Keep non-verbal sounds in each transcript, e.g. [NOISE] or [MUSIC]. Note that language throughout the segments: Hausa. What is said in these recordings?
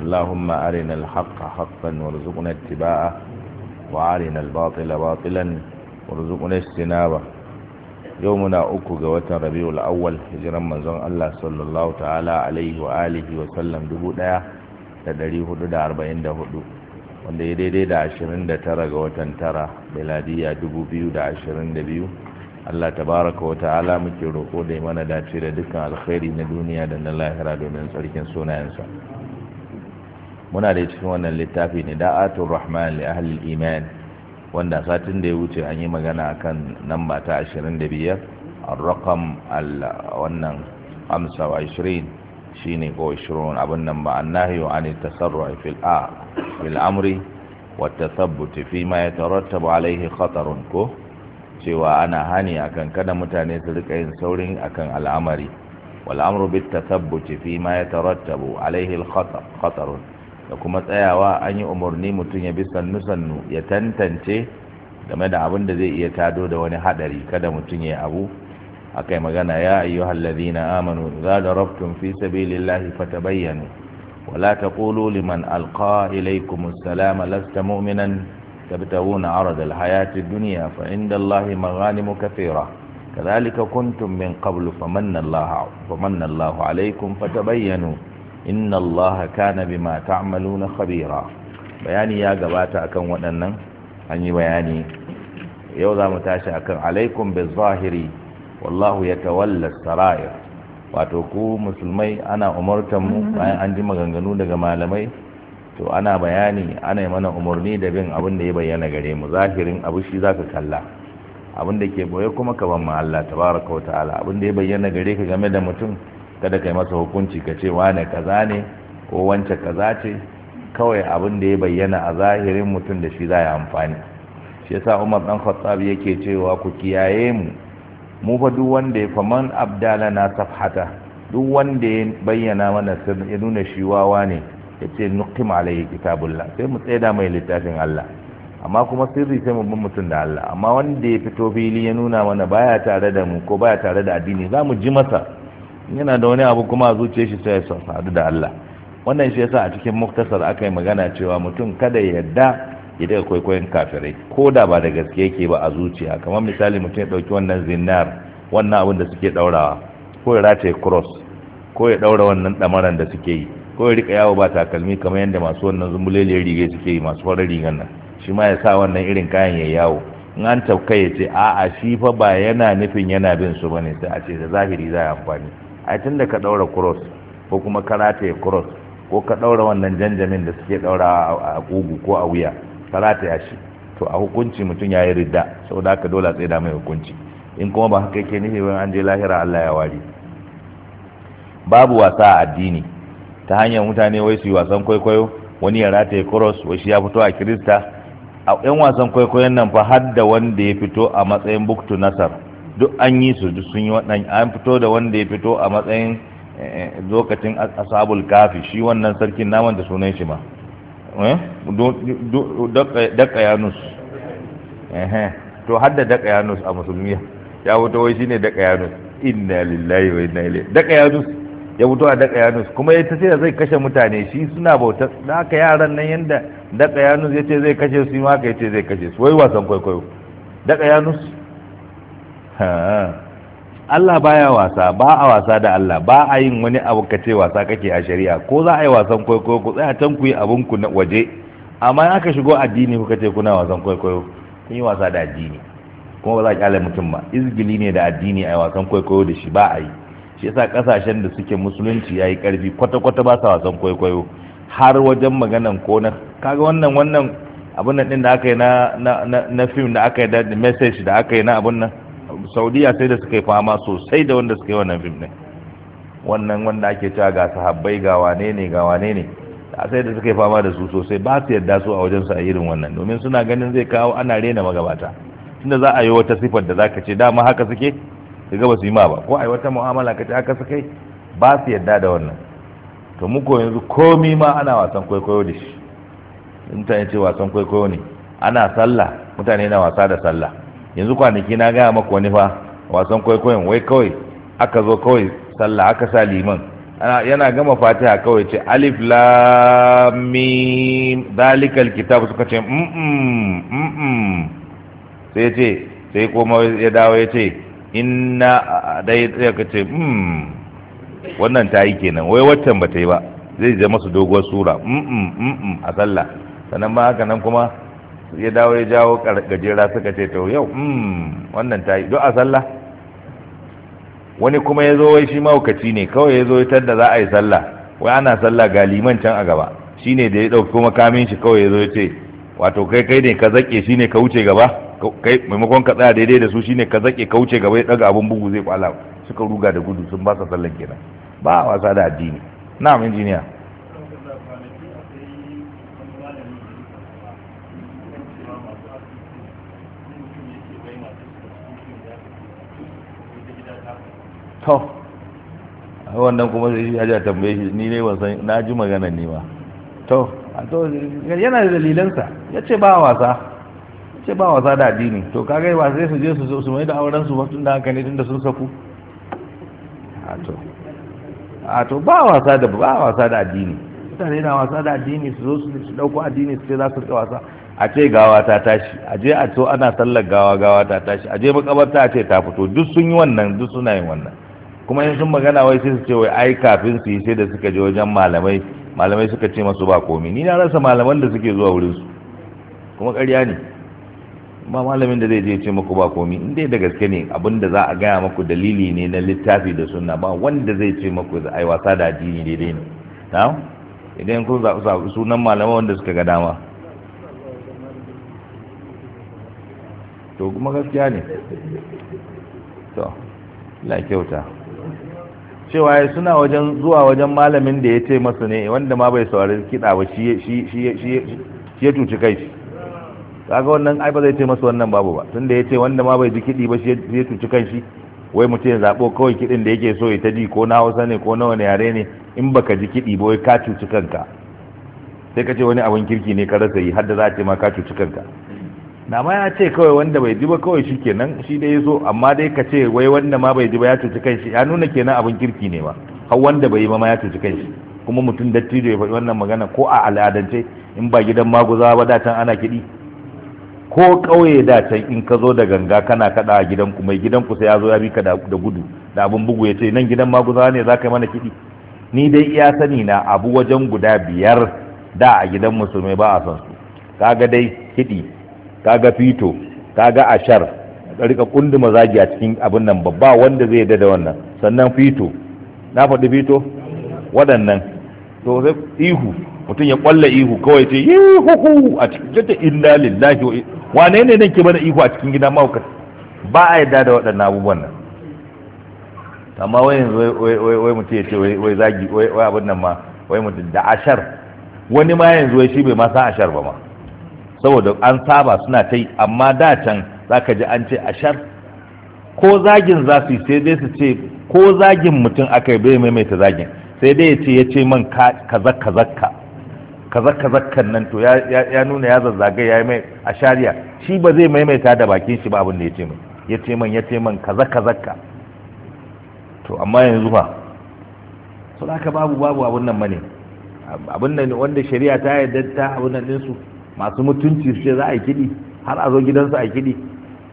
اللهم أرنا الحق حقا وارزقنا اتباعه وأرنا الباطل باطلا وارزقنا اجتنابه يومنا أكو قوة ربيع الأول هجرا من زن الله صلى الله تعالى عليه وآله وسلم دبونا تدريه دا أربعين دا هدو wanda ya daidai da 29 ga watan 9 beladiya 2022 Allah tabaraka wa ta'ala muke roƙo da mana dace da dukkan alkhairi na duniya da na lahira domin tsarkin sunayensa muna da cikin wannan littafi ne da'atul rahman li ahli iman wanda satin da ya wuce an yi magana akan namba ta 25 ar-raqam al wannan 25 shine ko 20 abin nan ba annahi wa an tasarru fil a fil amri wa tathabbut fi ma yatarattabu alayhi khatarun ko cewa ana hani akan kada mutane su rika yin saurin akan al'amari wal amru bit tathabbut fi ma yatarattabu alayhi al khatar khatarun da kuma tsayawa an yi umarni mutum ya bi sannu-sannu ya tantance game da abin da zai iya tado da wani hadari kada mutum ya abu akai magana ya ayyuhal ladina amanu da rabtun fi sabilillahi bayyanu wala taqulu liman alqa ilaykum salama lasta mu'minan tabtawuna arada alhayati ad duniya fa indallahi maghanimu kathira kazalika kuntum min qablu famanna Allahu famanna Allahu alaykum inna allaha kana bima ta'maluna khabira bayani ya gabata akan waɗannan an yi bayani yau za mu tashi akan alaikum bi zahiri wallahu yatawalla sarair wato ku musulmai ana umurtan mu mm-hmm. bayan an ji maganganu daga malamai to ana bayani ana yi mana umarni da bin abin da ya bayyana gare mu zahirin abu shi zaka kalla abin da ke boye kuma ka ban ma Allah tabaraka wa ta'ala abin da ya bayyana gare ka game da mutum kada ka yi masa hukunci ka ce wane kaza ne ko wance kaza ce kawai abin da ya bayyana a zahirin mutum da shi za ya amfani shi yasa Umar dan Khattab yake cewa ku kiyaye mu mu fa duk wanda ya faman abdalana safhata duk wanda ya bayyana mana sirri ya nuna shi wawa ne ya ce nuqim alayhi kitabullah sai mu tsaya mai littafin Allah amma kuma sirri sai mu bin mutum da Allah amma wanda ya fito fili ya nuna mana baya tare da mu ko baya tare da addini za mu ji masa yana da wani abu kuma zuciya shi sai ya sadu da Allah wannan shi yasa a cikin muktasar aka yi magana cewa mutum kada ya yadda ya daga kwaikwayon kafirai ko da ba da gaske yake ba a zuciya kamar misali mutum ya ɗauki wannan zinar wannan abin da suke ɗaurawa ko ya rataye cross ko ya ɗaura wannan ɗamaran da suke yi ko ya rika yawo ba takalmi kamar yadda masu wannan zumbuleliyar riga suke yi masu farar rigar nan shi ma ya sa wannan irin kayan ya yawo in an tafka ya ce a'a shi fa ba yana nufin yana bin su bane sai a ce da zahiri za a amfani a tun da ka daura cross ko kuma ka rataye cross ko ka daura wannan janjamin da suke daura a kugu ko a wuya ka rataya shi to a hukunci mutum ya yi ridda saboda haka dole a tsaida mai hukunci in kuma ba haka yake nufi an je lahira Allah ya wari babu wasa a addini ta hanyar mutane wai su yi wasan kwaikwayo wani ya rataye cross wai shi ya fito a kirista a yan wasan kwaikwayon nan fa har da wanda ya fito a matsayin buktu nasar duk an yi su duk sun yi waɗannan an fito da wanda ya fito a matsayin eh, eh, lokacin asabul kafi shi wannan sarkin naman da sunan shi ma eh? daka yanus to har da yanus a musulmi ya wuto wai shine daka yanus inna lillahi wa inna ilaihi daka yanus ya wuto a daka yanus kuma ya tace zai kashe mutane shi suna bautar da haka yaran nan yanda daka yanus ya ce zai kashe su ma haka ya ce zai kashe su wai wasan kwaikwayo daka yanus Allah baya wasa ba a wasa da Allah ba a yin wani abu ka ce wasa kake a shari'a ko za a yi wasan kwaikwayo ku tsaya can ku yi abun ku na waje amma in aka shigo addini kuka ce kuna wasan kwaikwayo kun yi wasa da addini kuma ba za a kyale mutum ba izgili ne da addini a yi wasan kwaikwayo da shi ba a yi shi yasa kasashen da suke musulunci ya yi karfi kwata-kwata ba sa wasan kwaikwayo har wajen maganan ko na kaga wannan wannan abun nan din da aka yi na na na, na film da aka yi da message da aka yi na abun nan saudiya sai da suka yi fama sosai da wanda suka yi wannan fim din wannan wanda ake cewa ga sahabbai ga wane ne ga wane ne sai da suka yi fama da su sosai ba su yarda su a wajen su a irin wannan domin suna ganin zai kawo ana rena magabata tunda za a yi wata sifar da zaka ce dama haka suke Ka ba su yi ma ba ko a yi wata mu'amala ce haka suke ba su yarda da wannan to muku yanzu komi ma ana wasan kwaikwayo da shi mutane ce wasan kwaikwayo ne ana sallah mutane na wasa da sallah yanzu kwanaki na gaya maka wani fa wasan kwaikwayon wai kawai aka zo kawai sallah aka sa liman yana gama fatiha kawai ce alif lami dalikal kitab suka ce mm mm, mm, mm. sai ce sai kuma ya dawo ya ce inna dai ka ce mm wannan ta yi kenan wai waccan ba ta yi ba zai zama su doguwar sura mm mm, mm a sallah sannan ma haka nan kuma ya dawo ya jawo gajera suka ce to yau hmm, wannan ta yi don a sallah wani kuma ya zo wai shi maukaci ne kawai ya zo ya da za a yi sallah wai ana sallah ga liman can a gaba shi ne da ya ɗauki kamin shi kawai ya zo ya ce wato kai kai ne ka zaƙe shi ne ka wuce gaba kai maimakon ka tsaya daidai da su shi ne ka zaƙe ka wuce gaba ya ɗaga abin bugu zai kwala suka ruga da gudu sun ba sa sallan kenan ba a wasa da addini na'am injiniya to wannan kuma sai ya ja tambaye shi ni ne ban san na ji magana ne ba to to yana da dalilansa ya ce ba wasa ya ce ba wasa da addini to kaga ba sai su je su su mai da auren su tun da haka ne tun da sun saku a to a to ba wasa da ba wasa da addini mutane na wasa da addini su zo su dauko addini su ce za su rika wasa a ce gawa ta tashi a je a to ana sallar gawa gawa ta tashi a je makabarta a ce ta fito duk sun yi wannan duk suna yin wannan kuma in sun magana wai sai su ce wai ai kafin su yi sai da suka je wajen malamai malamai suka ce masu ba komi ni na rasa malaman da suke zuwa wurin su kuma ƙarya ne ba malamin da zai je ce muku ba komi in dai da gaske ne abin da za a gaya muku dalili ne na littafi da sunna ba wanda zai ce muku ai wasa da addini daidai ne na idan kun zaɓi sunan malama wanda suka ga dama to kuma gaskiya ne to la kyauta cewa suna wajen zuwa wajen malamin da ya ce masu ne wanda ma bai saurari kiɗa ba shi ya cuci kai shi kaga wannan ai ba zai ce masu wannan babu ba tunda ya ce wanda ma bai ji kiɗi ba shi ya cuci kai shi wai mutum ya zaɓo kawai kiɗin da yake so ya ta ji ko na hausa ne ko na ne yare ne in baka ji kiɗi ba wai ka cuci kanka sai ka ce wani abin kirki ne ka rasa yi har da za a ce ma ka cuci kanka na ma ya ce kawai wanda bai ji ba kawai shi kenan shi dai ya so amma dai ka ce wai wanda ma bai ji ba ya cuci kanshi ya nuna kenan abin kirki ne ba har wanda bai yi ma ya cuci kanshi kuma mutum dattijo ya faɗi wannan magana ko a al'adance in ba gidan maguza ba datan ana kiɗi ko ƙauye datan in ka zo da ganga kana kaɗa a gidan ku? mai gidan ku sai ya zo ya bika da gudu da abin bugu ya ce nan gidan maguza ne za ka yi mana kiɗi ni dai iya sani na abu wajen guda biyar da a gidan musulmai ba a son su kaga dai kiɗi kaga fito kaga ashar ka rika kundi mazagi a cikin abin nan babba wanda zai yadda da wannan sannan fito na faɗi fito waɗannan to sai ihu mutum ya kwalla ihu kawai ce hu a cikin ta inda lillahi wa ne ne nake mana ihu a cikin gida mawuka ba a yadda da waɗannan abubuwan nan amma wai yanzu wai mutum ya ce wai zagi wai abin nan ma wai mutum da ashar wani ma yanzu wai shi bai ma san ashar ba ma saboda an saba suna ta yi amma da can za ka ji an ce ashar ko zagin za su yi sai dai su ce ko zagin mutum aka yi bai maimaita zagin sai dai ya ce ya ce man kaza kazakka kaza nan to ya nuna ya zazzaga ya yi mai a shari'a shi ba zai maimaita da bakin shi ba abin da ya ce mai ya ce man ya ce man kaza kazakka to amma yanzu ba su haka babu babu abin nan bane abin nan wanda shari'a ta yarda ta abin nan ɗinsu masu mutunci su ce za a yi kiɗi har a zo gidansu a kiɗi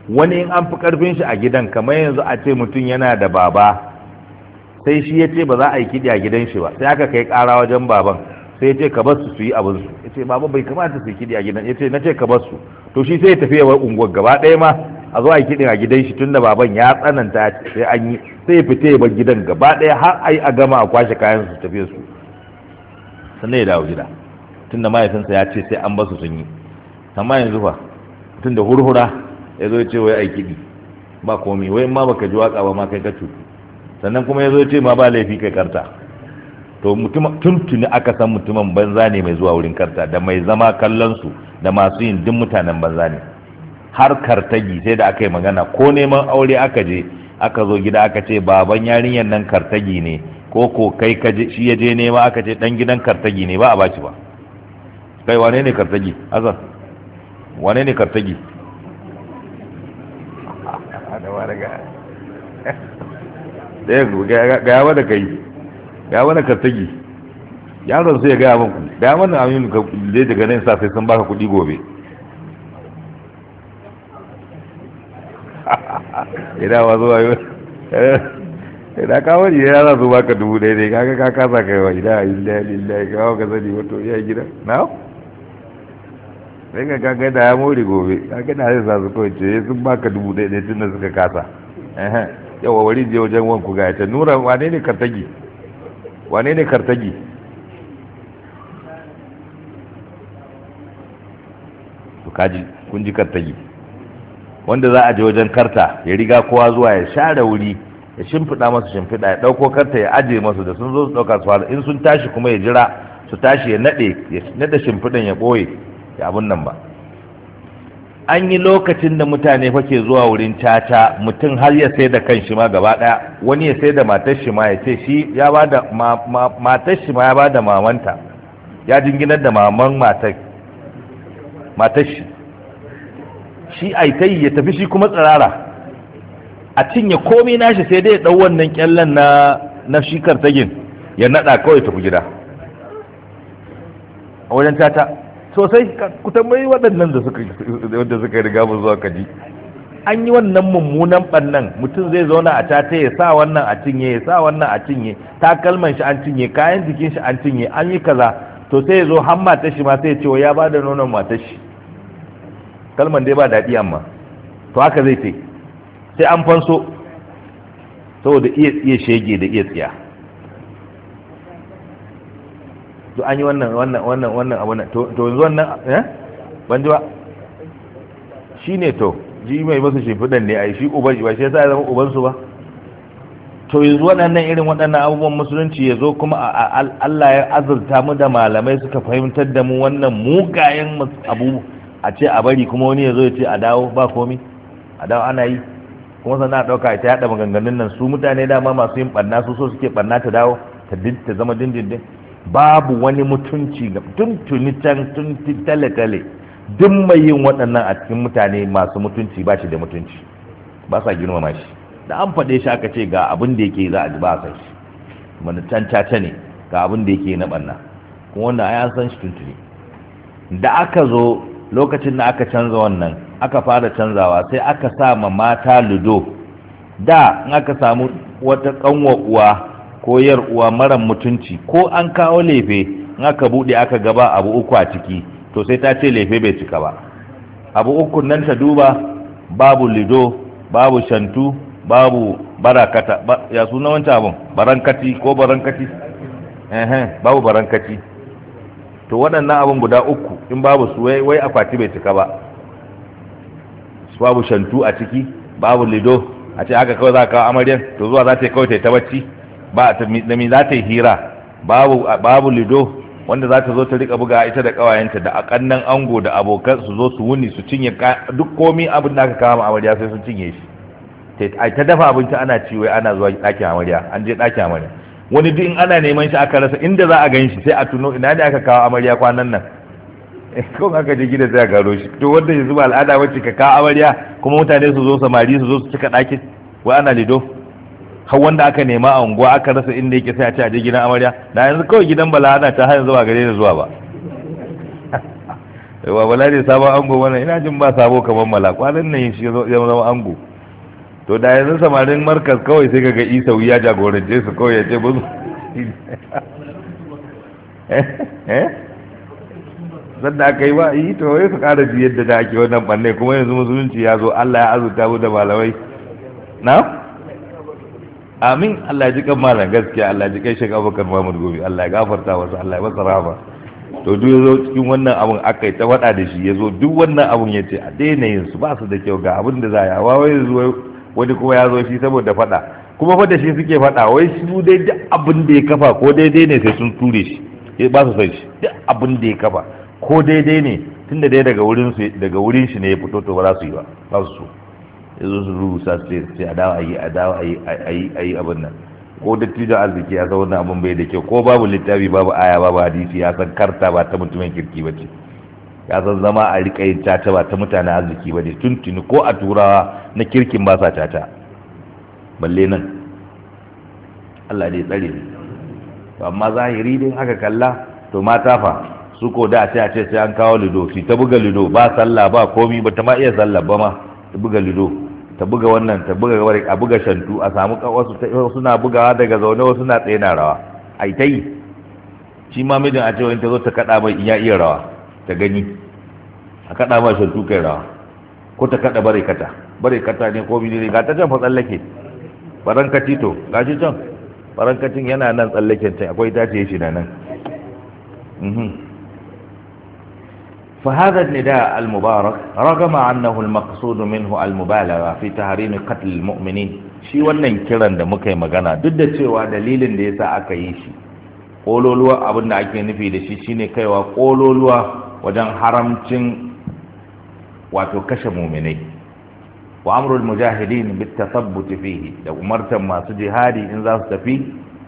wani in an fi ƙarfin shi a gidan kamar yanzu a ce mutum yana da baba sai shi ya ce ba za a yi kiɗi a gidan shi ba sai aka kai ƙara wajen baban sai ya ce ka bar su su yi abin su ya ce baba bai kamata su yi kiɗi a gidan ya ce na ce ka bar su to shi sai ya tafi ya bar unguwar gaba ɗaya ma a zo a yi kiɗin a gidan shi tunda baban ya tsananta sai an yi sai ya fita ya bar gidan gaba ɗaya har yi a gama a kwashe kayan su tafi su sannan ya dawo gida da mahaifinsa ya ce sai an basu sun yi amma yanzu fa tun da hurhura ya zo ce wai aikidi ba komi wai ma baka ji waka ba ma kai ka cutu sannan kuma ya zo ce ma ba laifi kai karta to tuntuni aka san mutumin banza ne mai zuwa wurin karta da mai zama kallon su da masu yin duk mutanen banza ne har kartagi sai da aka yi magana ko neman aure aka je aka zo gida aka ce baban yarinyar nan kartagi ne ko ko kai ka shi ya je nema aka ce dan gidan kartagi ne ba a bashi ba kai wane ne kartagi azan wane ne kartagi eh, gaya wadda kai gaya wadda kartagi yaron sai ya gaya manku gaya wannan aminu ka je daga nan sa sai sun baka kudi gobe [LAUGHS] ina ma zuwa yi ina eh, eh, kawo ne ya za su baka dubu ɗaya ne kaga ka kasa kaiwa ina illa illa kawo ka sani wato ya gida na'am sai ka kaga da ya more gobe kaga na zai sa su kawai ce eh, sun baka dubu ɗaya ɗaya tun da suka kasa yawa wari je wajen wanku ga ta nura wane ne kartagi wane ne kartagi to kaji kun ji kartagi wanda za a je wajen karta ya riga kowa zuwa ya share wuri ya shimfiɗa masu shimfiɗa ya ɗauko karta ya ajiye masu da sun zo su ɗauka su in sun tashi kuma ya jira su tashi ya naɗe ya naɗe shimfiɗin ya ɓoye da abun nan ba an yi lokacin da mutane fa ke zuwa wurin caca mutum har ya sai da kan shi ma gaba ɗaya, wani ya sai da matar shi ma ya ce shi ya ba da matar shi ma ya ba da mamanta ya jinginar da maman matar matar shi shi yi ya tafi shi kuma tsirara a cinye komai nashi sai dai ya dau wannan kyallen na na shikar tagin ya naɗa kawai tafi gida a wajen caca. sosai ku tambayi waɗannan da suka riga mu zuwa kaji an yi wannan mummunan ɓannan mutum zai zauna a tata ya sa wannan a cinye ya sa wannan a cinye takalman shi an cinye kayan jikin shi an cinye an yi kaza to sai ya zo har matar shi ma sai ya ce wa ya ba da nonon matar shi kalman dai ba daɗi amma to haka zai ce sai an fanso saboda iya shege da iya tsiya to an yi wannan wannan wannan wannan abu na to yanzu wannan eh ban ji ba shine to ji mai masu shimfiɗan ne ai shi uban shi ba shi yasa ya zama uban su ba to yanzu waɗannan irin waɗannan abubuwan musulunci ya zo kuma Allah ya azurta mu da malamai suka fahimtar da mu wannan mugayen abu a ce a bari kuma wani ya zo ya ce a dawo ba komi a dawo ana yi kuma sannan a ɗauka ta yaɗa maganganun nan su mutane dama masu yin ɓanna su so suke ɓanna ta dawo ta zama dindindin babu wani mutunci ga tuntuni can tunti tale-tale duk mai yin waɗannan a cikin mutane masu mutunci ba shi da mutunci ba sa girmama shi da an faɗe shi aka ce ga abin da yake za a ji ba san shi mana can caca ne ga abin da yake na ɓanna kuma wanda an san shi tuntuni da aka zo lokacin da aka canza wannan aka fara canzawa sai aka sa ma mata ludo da in aka samu wata ƙanwa uwa ko yar uwa mara mutunci ko an kawo lefe in aka buɗe aka gaba abu uku a ciki to sai ta ce lefe bai cika ba abu uku nan ta duba babu lido babu shantu babu barakata ba, ya suna wancan abin barankati ko barankati babu barankati to waɗannan abin guda uku in babu su wai akwati bai cika ba babu shantu a ciki babu lido a ce haka kawai za ka kawo amaryar to zuwa za ta yi kawai ta yi ta bacci ba ta da mi za ta yi hira babu babu lido wanda za ta zo ta rika buga ita da kawayenta da akannan ango da abokan su zo su wuni su cinye duk komi abin da aka kawo ma amarya sai sun cinye shi ai ta dafa abinci ana ciwo ana zuwa ɗakin amarya an je ɗakin amarya wani duk in ana neman shi aka rasa inda za a gan shi sai a tuno ina ne aka kawo amarya kwanan nan eh, ko aka je gida sai a gano shi to wanda yanzu ba al'ada wacce ka kawo amarya kuma mutane su zo samari su zo su cika ɗakin wai ana lido kan wanda aka nema a unguwa aka rasa inda yake sai a ce a je gidan amarya da yanzu kawai gidan bala ana ta hanyar zuwa gare da zuwa ba [LAUGHS] yawa bala ne sabon ango wannan ina jin ba sabo kamar mala kwanan nan shi ya zama ango to da yanzu samarin markas kawai sai ga Isa ya jagorance su kawai ya ce buzu [LAUGHS] eh, eh? zan da aka yi ba yi to wai su kara ji yadda da ake wannan banne kuma yanzu musulunci ya zo allah ya azurta mu da malamai na amin Allah ji kan malam gaskiya Allah ji kai shekaru Abubakar Muhammad Gobe Allah ya gafarta wasu Allah ya masa rahama to duk yazo cikin wannan abun aka ta wada da shi yazo duk wannan abun yace a daina yin su ba su da kyau ga abin da za ya wai yazo wani kuma yazo shi saboda fada kuma fada shi suke fada wai su dai duk abin da ya kafa ko daidai ne sai sun ture shi eh, ba su san shi duk abin da ya kafa ko daidai ne tunda dai daga wurin su daga wurin shi ne ya fito to ba za su yi ba ba su so ya zo su rubuta su ce a dawo a yi abin nan ko dattijan arziki ya zauna abin bai da kyau ko babu littafi babu aya babu hadisi ya san karta ba ta mutumin kirki ba ce ya san zama a rika yin caca ba ta mutanen arziki ba ne tuntuni ko a turawa na kirkin ba sa caca balle nan Allah dai tsare to amma zahiri din aka kalla to mata fa su ko da a ce a ce sai an kawo lido su ta buga lido ba sallah ba komi ba ta ma iya sallah ba ma ta buga lido ta buga wannan ta buga gabar a buga shantu a samu wasu suna bugawa daga zaune wasu na tsaye na rawa ai ta yi shi ma mijin a cewa in ta zo ta kada mai iya iya rawa ta gani a kada ma shantu kai rawa ko ta kada bare kata bare kata ne ko mini ne ga ta can fa tsallake barankaci to ga shi can barankacin yana nan tsallaken can akwai ta ce shi na nan mhm. فهذا النداء المبارك رغم أنه المقصود منه المبالغة في تحريم قتل المؤمنين shi wannan kiran da muka yi magana duk da cewa dalilin da yasa aka yi shi kololuwa abin da ake nufi da shi shine kaiwa kololuwa wajen haramcin wato kashe muminai wa amrul mujahidin bit tathabbut fihi da umartan masu jihadi in za su tafi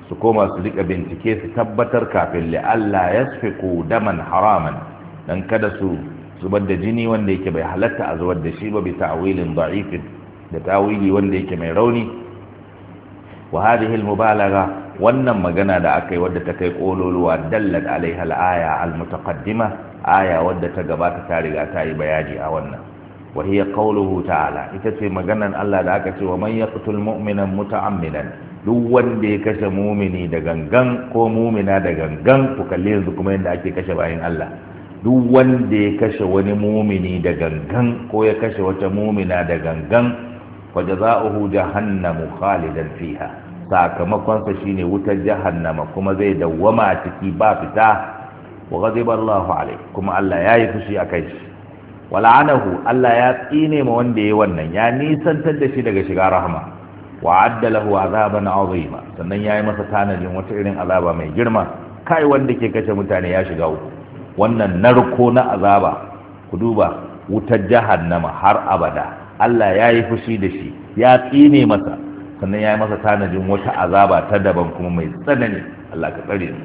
su koma su rika bincike su tabbatar kafin li Allah yasfiqu daman haraman dan kada su zubar da jini wanda yake bai halatta a zubar da shi ba bi ta'wilin da'ifin da tawili wanda yake mai rauni wa hadhihi al-mubalagha wannan magana da aka yi wadda ta kai kololuwa dallat alaiha al-aya al-mutaqaddima aya wadda ta gabata ta riga ta yi bayani a wannan wa hiya qawluhu ta'ala ita ce maganan Allah da aka ce wa man yaqtul mu'mina muta'ammidan duk wanda ya kashe mumini da gangan ko mumina da gangan ku kalli yanzu kuma yadda ake kashe bayan Allah duk wanda ya kashe wani mumini da gangan ko ya kashe wata mumina da gangan waje za a hu jahannamu khalidan fiha sakamakonsa shine wutar jahannama kuma zai dawwama ciki ba fita wa ghadiba Allahu alai kuma Allah ya yi fushi akai shi la'anahu, Allah ya tsine ma wanda yayi wannan ya nisantar da shi daga shiga rahama wa adda lahu azaban azima sannan yayi masa tanadin wata irin azaba mai girma kai wanda ke kace mutane ya shiga uku wannan narko na azaba ku duba wutar jahannama har abada Allah ya yi fushi da shi ya tsine masa sannan ya yi masa tanajin wata azaba ta daban kuma mai tsanani Allah ka tsare mu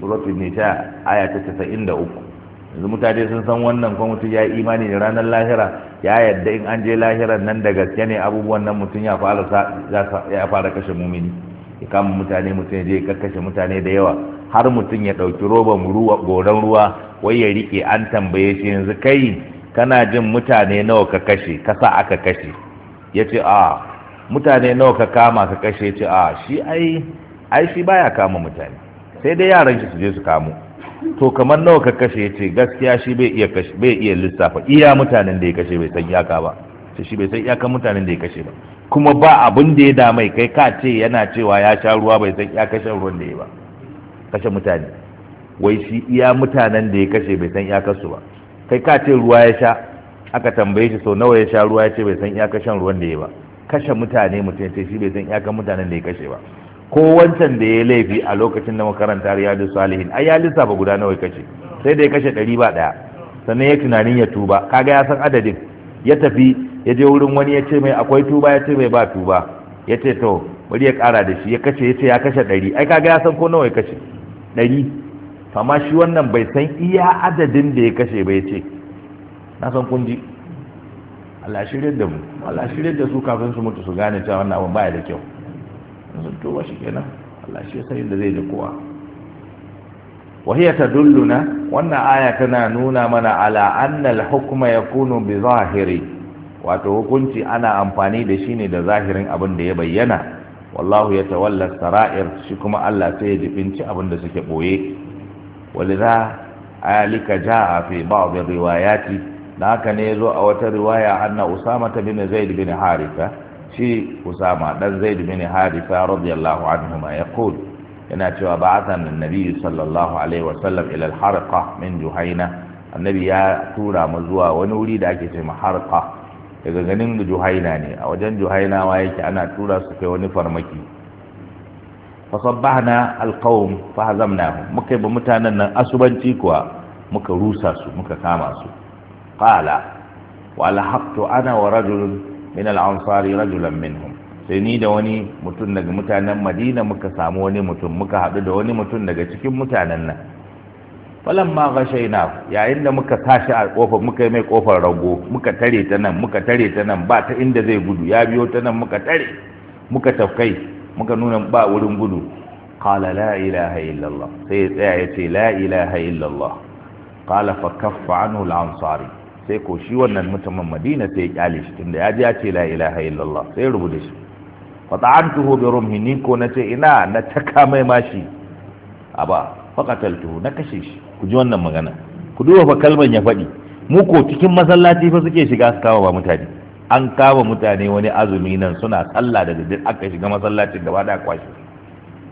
suratul ta aya ta 93 yanzu mutane sun san wannan kuma mutum ya yi imani da ranar lahira ya yadda in an je lahira nan da gaske ne abubuwan nan mutum ya fara ya kashe mumini ya kama mutane mutum ya je kakkashe mutane da yawa har mutum ya ɗauki roban ruwa goron ruwa wai ya riƙe an tambaye shi yanzu kai kana jin mutane nawa ka kashe kasa aka kashe ya ce a mutane nawa ka kama ka kashe ya ce a shi ai ai shi baya kama mutane sai dai yaran shi su je su kamo to kamar nawa ka kashe ya ce gaskiya shi bai iya kashe bai iya lissafa iya mutanen da ya kashe bai san iyaka ba sai shi bai san iyakan mutanen da ya kashe ba kuma ba abin da ya da mai kai ka ce yana cewa ya sha ruwa bai san iyakan shan ruwan da ya ba kashe mutane wai shi iya mutanen da ya kashe bai san kasu ba kai ka ce ruwa ya sha aka tambaye shi sau nawa ya sha ruwa ya ce bai san iyakar kashe ruwan da ya ba kashe mutane mutum ce shi bai san kan mutanen da ya kashe ba ko wancan da ya laifi a lokacin da makaranta su salihin ai ya lissafa guda nawa ya kashe sai da ya kashe ɗari ba ɗaya sannan ya tunanin ya tuba kaga ya san adadin ya tafi ya je wurin wani ya ce mai akwai tuba ya ce mai ba tuba ya ce to bari ya kara da shi ya kashe ya ce ya kashe ɗari ai kaga ya san ko nawa ya kashe ɗari amma shi wannan bai san iya adadin da ya kashe bai ce na san kun ji Allah da mu Allah da su kafin su mutu su gane cewa wannan abin baya da kyau sun tuba shi kenan Allah shi sai da zai ji kowa wa hiya tadulluna wannan aya tana nuna mana ala anna al-hukma yakunu bi zahiri wato hukunci ana amfani da shi ne da zahirin abin da ya bayyana wallahu ya tawalla sara'ir shi kuma Allah sai ya binci abin da suke boye walidha alika jaa fi ba'd riwayati da haka ne yazo a wata riwaya anna usama bin zaid bin haritha shi usama dan zaid bin haritha radiyallahu anhuma yaqul yana cewa ba'athan annabi sallallahu alaihi wasallam ila al-harqa min juhaina annabi ya tura mu zuwa wani wuri da ake cewa harqa daga ganin juhaina ne a wajen juhaina wa yake ana tura su kai wani farmaki fa fasabbahna alqawm fahazamnahum muka ba mutanen nan asubanci kuwa muka rusa su muka kama su qala wa alhaqtu ana wa rajulun min al-ansari rajulan minhum sai ni da wani mutum daga mutanen madina muka samu wani mutum muka haɗu da wani mutum daga cikin mutanen nan falan ma gashe na yayin da muka tashi a kofar muka yi mai kofar rago muka tare ta nan muka tare ta nan ba ta inda zai gudu ya biyo ta nan muka tare muka tafkai muka nuna ba wurin gudu qala la ilaha illallah sai ya tsaya ya ce la ilaha illallah qala fa kaffa anhu al-ansari sai ko shi wannan mutumin Madina sai ya kyale shi tunda ya ji ya ce la ilaha illallah sai ya rubuta shi fa ta'antuhu bi rumhi ni ko ce ina na taka mai mashi aba faqataltuhu na kashe shi ku ji wannan magana ku duba fa kalman ya faɗi mu ko cikin masallaci fa suke shiga su kawo ba mutane an kama mutane wani azumi nan suna sallah da daddare aka shiga masallaci gaba da kwashe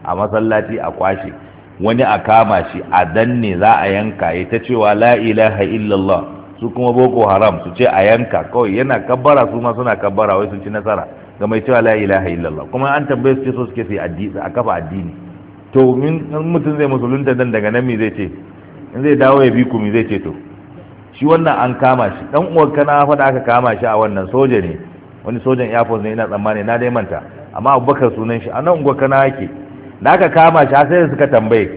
a masallaci a kwashe wani a kama shi a danne za a yanka ya ta cewa la ilaha illallah su kuma boko haram su ce a yanka kawai yana kabbara su ma suna kabbara wai sun ci nasara ga mai cewa la ilaha illallah kuma an tambaye su ce so suke su a kafa addini to mutum zai musulunta dan daga nan me zai ce in zai dawo ya bi ku zai ce to shi wannan an kama shi dan uwar kana fa da aka kama shi a wannan soja ne wani sojan air force ne ina tsammani na dai manta amma abubakar sunan shi a nan uwar kana yake da aka kama shi sai suka tambaye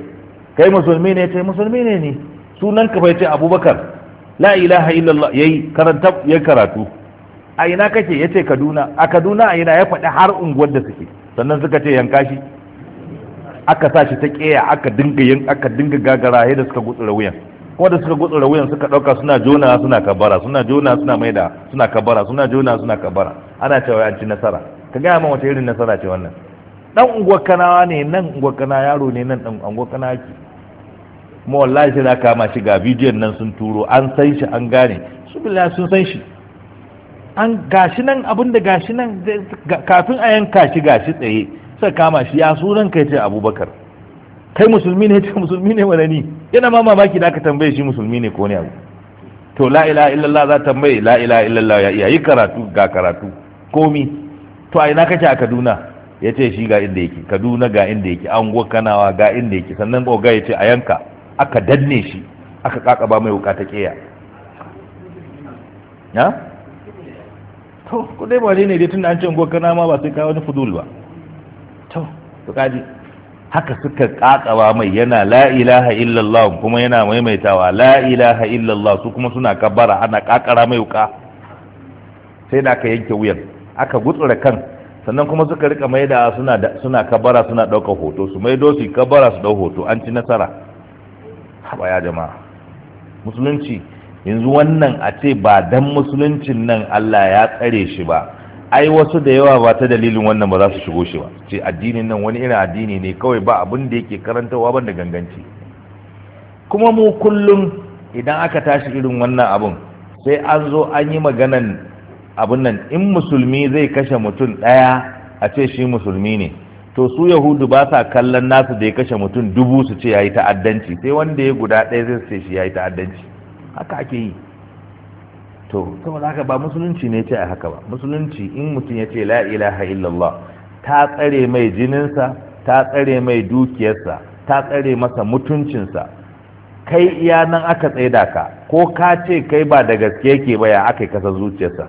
kai musulmi ne ce musulmi ne ni sunan ka bai ce abubakar la ilaha illallah yayi karanta ya karatu a ina kake yace kaduna a kaduna a ina ya faɗi har unguwar da suke sannan suka ce yanka shi aka sa shi ta keya aka dinga yin aka dinga gagara da suka gutsura wuyan kuma da suka gutsura wuyan suka dauka suna jona suna kabara suna jona suna maida suna kabara suna jona suna kabara ana cewa an ci nasara ka gaya min wace irin nasara ce wannan dan unguwar kanawa ne nan unguwar kana yaro ne nan dan unguwar kana ki mu wallahi sai da kama shi ga bidiyon nan sun turo an san shi an gane su billahi sun san shi an gashi nan abin da gashi nan kafin a yanka shi gashi tsaye sai kama shi ya sunan kai ce abubakar kai musulmi ne [LAUGHS] ce musulmi ne wani ni yana ma mamaki da aka tambaye shi musulmi ne ko ne abu to la ilaha illallah za tambaye la ilaha illallah ya iya yi karatu ga karatu komi to a ina kace a Kaduna ya ce shi ga inda yake Kaduna ga inda yake anguwa kanawa ga inda yake sannan oga ya ce a yanka aka danne shi aka kakaba mai wuka ta keya ya to dai ba ne dai tun an ce anguwa kanawa ba sai ka wani fudul ba to kaji haka suka kakawa mai yana la ilaha illallah kuma yana maimaitawa la ilaha illallah su kuma suna kabara ana kakara mai wuka sai da aka yanke wuyan aka gutsura kan sannan kuma suka rika da suna suna kabara suna dauka hoto su mai dosi kabara su dau hoto an ci nasara haba ya jama'a musulunci yanzu wannan a ce ba dan musuluncin nan Allah ya tsare shi ba ai wasu da yawa ba ta dalilin wannan ba za su shigo shi ba ce addinin nan wani irin addini ne kawai ba abin da yake karantarwa ban da ganganci kuma mu kullum idan aka tashi irin wannan abun sai an zo an yi maganan abun nan in musulmi zai kashe mutum ɗaya a ce shi musulmi ne to su yahudu ba sa kallon nasu da ya kashe mutum dubu su ce ya yi ta'addanci sai wanda ya guda ɗaya zai ce shi ya yi ta'addanci haka ake yi to saboda haka ba musulunci ne ce a haka ba musulunci in mutum ya ce la ilaha illallah ta tsare mai jininsa ta tsare mai dukiyarsa ta tsare masa mutuncinsa kai iya nan aka tsaida ka ko ka ce kai ba da gaske yake ba ya aka kasa zuciyarsa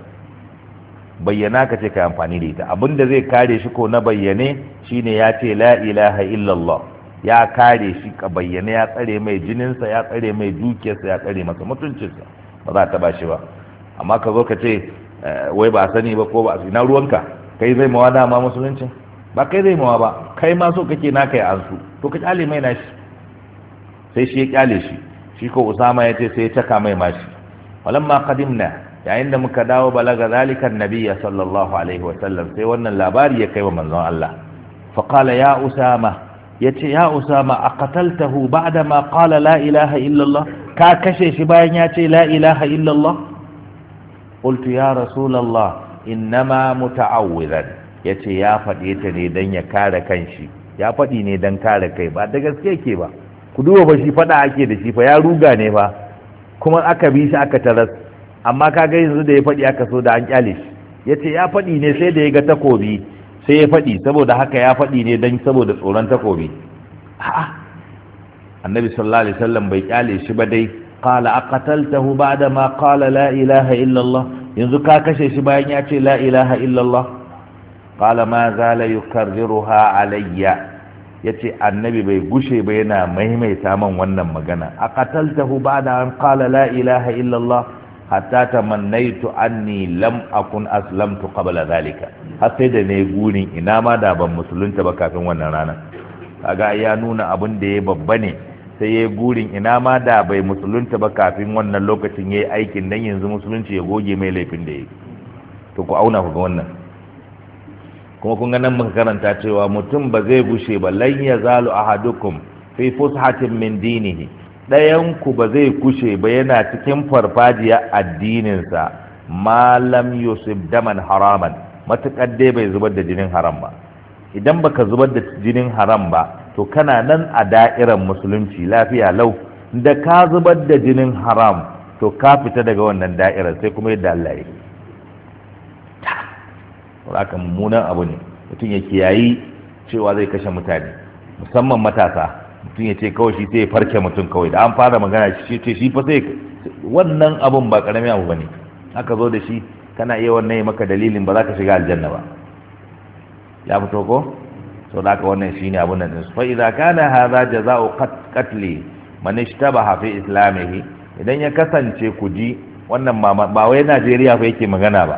bayyana ka ce ka yi amfani da ita abin da zai kare shi ko na bayyane shine ya ce la ilaha illallah ya kare shi ka bayyane ya tsare mai jininsa ya tsare mai dukiyarsa ya tsare masa mutuncinsa ba za ta ba shi ba amma ka zo ka ce eh, wai ba a sani ba ko ba sani na ruwanka kai zai mawa dama musulunci ba kai zai mawa ba kai ma so kake naka ya ansu to ka kyale mai nashi sai shi ya kyale shi shi ko usama ya ce sai ya caka mai mashi ma na yayin da muka dawo balaga zalikan nabiyya sallallahu alaihi wasallam sai wannan labari ya kai wa manzon Allah fa qala ya usama yace ya usama aqataltahu ba'da ma qala la ilaha illallah ka kashe shi bayan ya ce la ilaha illallah qultu ya rasulullah innama muta'awwidan yace ya faɗe ta ne dan ya kare kanshi ya faɗi ne dan kare kai ba da gaske yake ba ku duba ba shi faɗa ake da shi fa ya ruga ne ba kuma aka bi shi aka taras amma kaga yanzu da ya faɗi aka so da an kyale shi yace ya faɗi ne sai da ya ga takobi sai ya faɗi saboda haka ya faɗi ne dan saboda tsoron takobi a'a annabi sallallahu alaihi wasallam bai kyale shi ba dai qala aqataltahu ba'da ma qala la ilaha illa yanzu ka kashe shi bayan ya ce la ilaha illa Allah qala ma zala alayya yace annabi bai gushe ba yana maimaita man wannan magana aqataltahu ba'da an qala la ilaha illa Allah hatta tamannaitu anni lam akun aslamtu qabla zalika har sai da ne gurin ina ma da ban musulunta ba kafin wannan rana kaga ya nuna abin da ya babba ne sai ya gurin ina ma da bai musulunta ba kafin wannan lokacin ya yi aikin dan yanzu musulunci ya goge mai laifin da ya yi to ku auna ku ga wannan kuma kun ga nan muka karanta cewa mutum ba zai gushe ba lan ya zalu ahadukum fi fushatin min dinihi ɗayan ku ba zai gushe ba yana cikin farfajiya addininsa malam yusuf daman haraman matuƙar dai bai zubar da jinin haram ba idan baka zubar da jinin haram ba to kana nan a da'irar musulunci lafiya lau da ka zubar da jinin haram to ka fita daga wannan da'irar sai kuma yadda Allah ya yi haka mummunan abu ne mutum ya kiyayi cewa zai kashe mutane musamman matasa mutum ya ce kawai shi sai ya farke mutum kawai da an fara magana shi ce shi fa sai wannan abun ba karamin abu bane aka zo da shi kana iya wannan maka dalilin ba za ka shiga aljanna ba ya fito ko to da ka wannan shine abun nan din fa idza kana hadha jazaa'u qatli man ishtabaha fi islamihi idan ya kasance ku ji wannan ba wai Najeriya fa yake magana ba